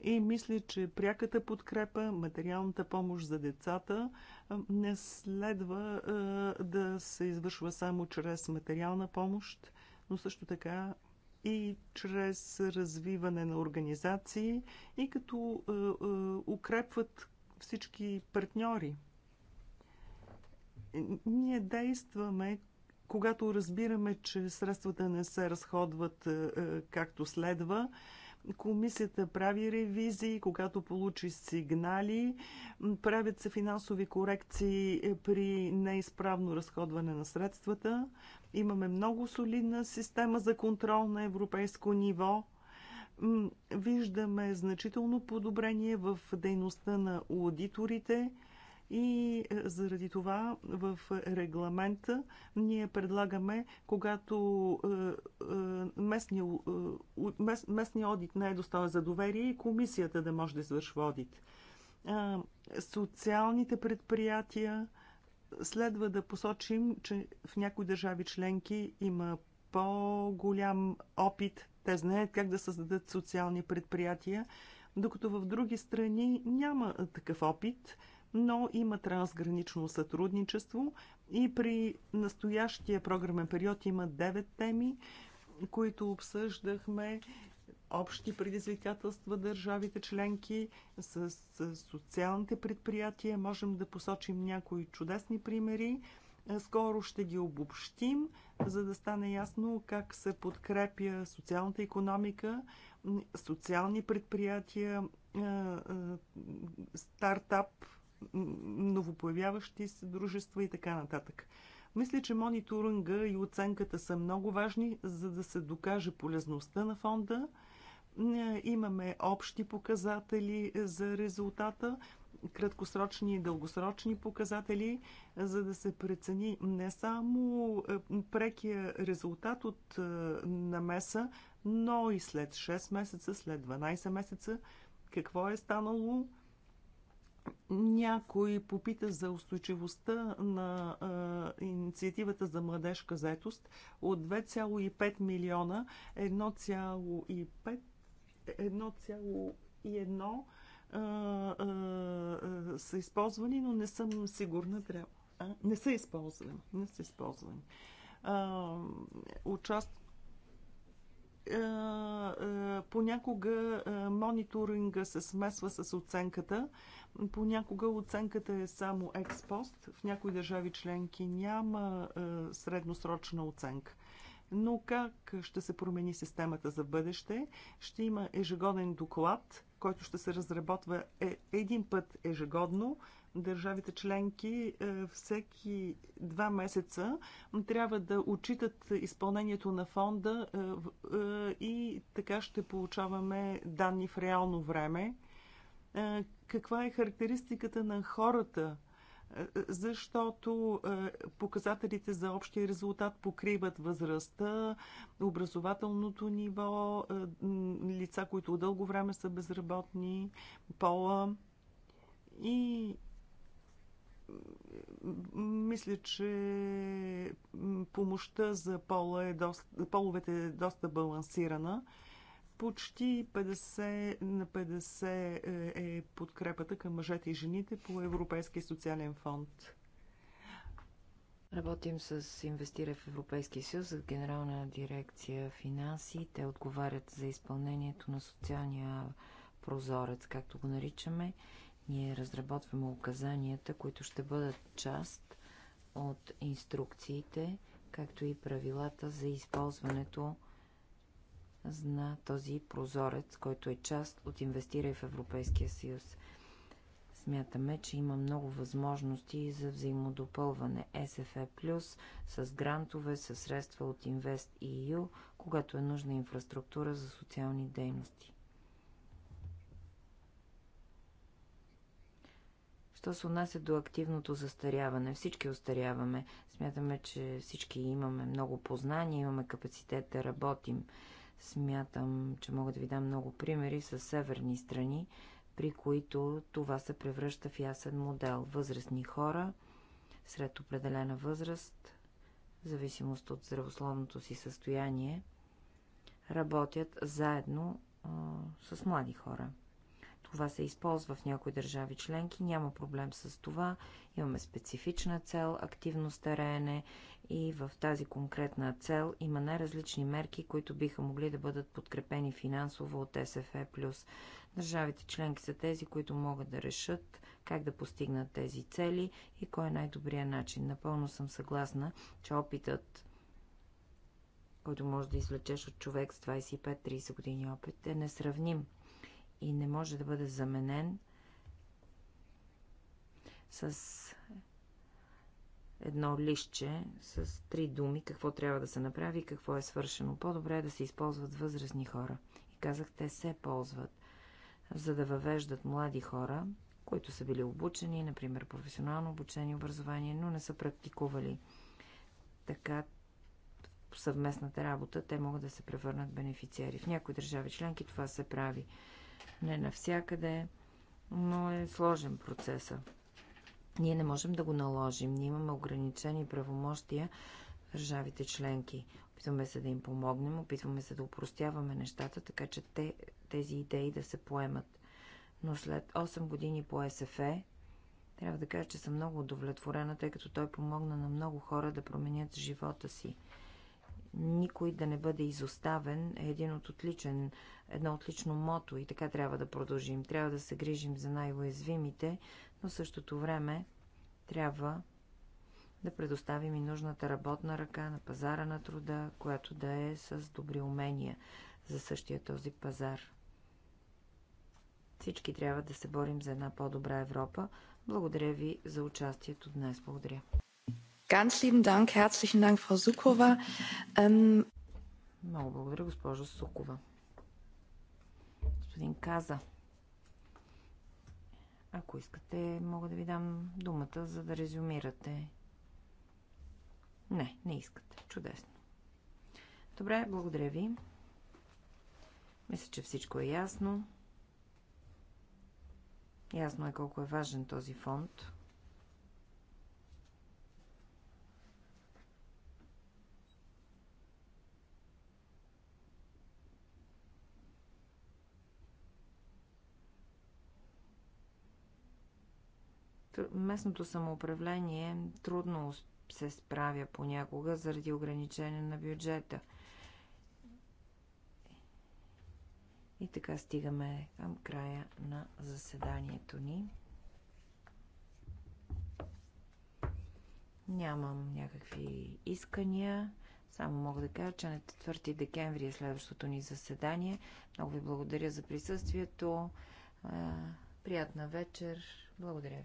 И мисля, че пряката подкрепа, материалната помощ за децата не следва а, да се извършва само чрез материална помощ, но също така и чрез развиване на организации и като е, е, укрепват всички партньори. Е, ние действаме, когато разбираме, че средствата не се разходват както следва Комисията прави ревизии, когато получи сигнали, правят се финансови корекции е, при неизправно разходване на средствата. Имаме много солидна система за контрол на европейско ниво. Виждаме значително подобрение в дейността на аудиторите и е, заради това в регламента ние предлагаме, когато е, е, местният местния одит не е достоен за доверие и комисията да може да извършва одит. Социалните предприятия следва да посочим, че в някои държави членки има по-голям опит. Те знаят как да създадат социални предприятия, докато в други страни няма такъв опит – но има трансгранично сътрудничество и при настоящия програмен период има 9 теми, които обсъждахме общи предизвикателства държавите членки, с, с социалните предприятия. Можем да посочим някои чудесни примери. Скоро ще ги обобщим, за да стане ясно как се подкрепя социалната економика, социални предприятия, е, е, стартап новопоявяващи се дружества и така нататък. Мисля, че мониторинга и оценката са много важни, за да се докаже полезността на фонда. Имаме общи показатели за резултата, краткосрочни и дългосрочни показатели, за да се прецени не само прекия резултат от е, намеса, но и след 6 месеца, след 12 месеца, какво е станало, някой попита за устойчивостта на а, инициативата за младежка заетост от 2,5 милиона 1,5 1,1 са използвани, но не съм сигурна. Трябва. А? Не са използвани. Не са използвани. А, участ понякога мониторинга се смесва с оценката. Понякога оценката е само експост. В някои държави членки няма средносрочна оценка. Но как ще се промени системата за бъдеще? Ще има ежегоден доклад, който ще се разработва е, един път ежегодно държавите членки е, всеки два месеца трябва да отчитат изпълнението на фонда е, е, и така ще получаваме данни в реално време. Каква е характеристиката на хората? Защото показателите за общия резултат покриват възрастта, образователното ниво, лица, които дълго време са безработни, пола и мисля, че помощта за пола е доста, половете е доста балансирана. Почти 50 на 50 е, е подкрепата към мъжете и жените по Европейския социален фонд. Работим с Инвестира в Европейския съюз, с Генерална дирекция финанси. Те отговарят за изпълнението на социалния прозорец, както го наричаме ние разработваме указанията, които ще бъдат част от инструкциите, както и правилата за използването на този прозорец, който е част от Инвестирай в Европейския съюз. Смятаме, че има много възможности за взаимодопълване СФЕ Плюс с грантове, с средства от Invest EU, когато е нужна инфраструктура за социални дейности. Що се отнася до активното застаряване? Всички остаряваме. Смятаме, че всички имаме много познания, имаме капацитет да работим. Смятам, че мога да ви дам много примери с северни страни, при които това се превръща в ясен модел. Възрастни хора сред определена възраст, в зависимост от здравословното си състояние, работят заедно а, с млади хора. Това се използва в някои държави членки, няма проблем с това. Имаме специфична цел, активно стареене и в тази конкретна цел има най-различни мерки, които биха могли да бъдат подкрепени финансово от СФЕ+. Държавите членки са тези, които могат да решат как да постигнат тези цели и кой е най-добрият начин. Напълно съм съгласна, че опитът който може да извлечеш от човек с 25-30 години опит, е несравним и не може да бъде заменен с едно лище с три думи, какво трябва да се направи и какво е свършено. По-добре е да се използват възрастни хора. И казах, те се ползват, за да въвеждат млади хора, които са били обучени, например професионално обучение, образование, но не са практикували. Така съвместната работа, те могат да се превърнат бенефициари. В някои държави членки това се прави не навсякъде, но е сложен процеса. Ние не можем да го наложим. Ние имаме ограничени правомощия държавите членки. Опитваме се да им помогнем, опитваме се да упростяваме нещата, така че те, тези идеи да се поемат. Но след 8 години по СФЕ, трябва да кажа, че съм много удовлетворена, тъй като той помогна на много хора да променят живота си никой да не бъде изоставен е един от отличен, едно отлично мото и така трябва да продължим. Трябва да се грижим за най-уязвимите, но същото време трябва да предоставим и нужната работна ръка на пазара на труда, която да е с добри умения за същия този пазар. Всички трябва да се борим за една по-добра Европа. Благодаря ви за участието днес. Благодаря. Ganz lieben данк, херцлихен данк, Frau Сукова. Ähm, Много благодаря, госпожо Сукова. Господин Каза, ако искате, мога да ви дам думата, за да резюмирате. Не, не искате. Чудесно. Добре, благодаря ви. Мисля, че всичко е ясно. Ясно е колко е важен този фонд. местното самоуправление трудно се справя понякога заради ограничение на бюджета. И така стигаме към края на заседанието ни. Нямам някакви искания. Само мога да кажа, че на 4 декември е следващото ни заседание. Много ви благодаря за присъствието. Приятна вечер. Благодаря ви.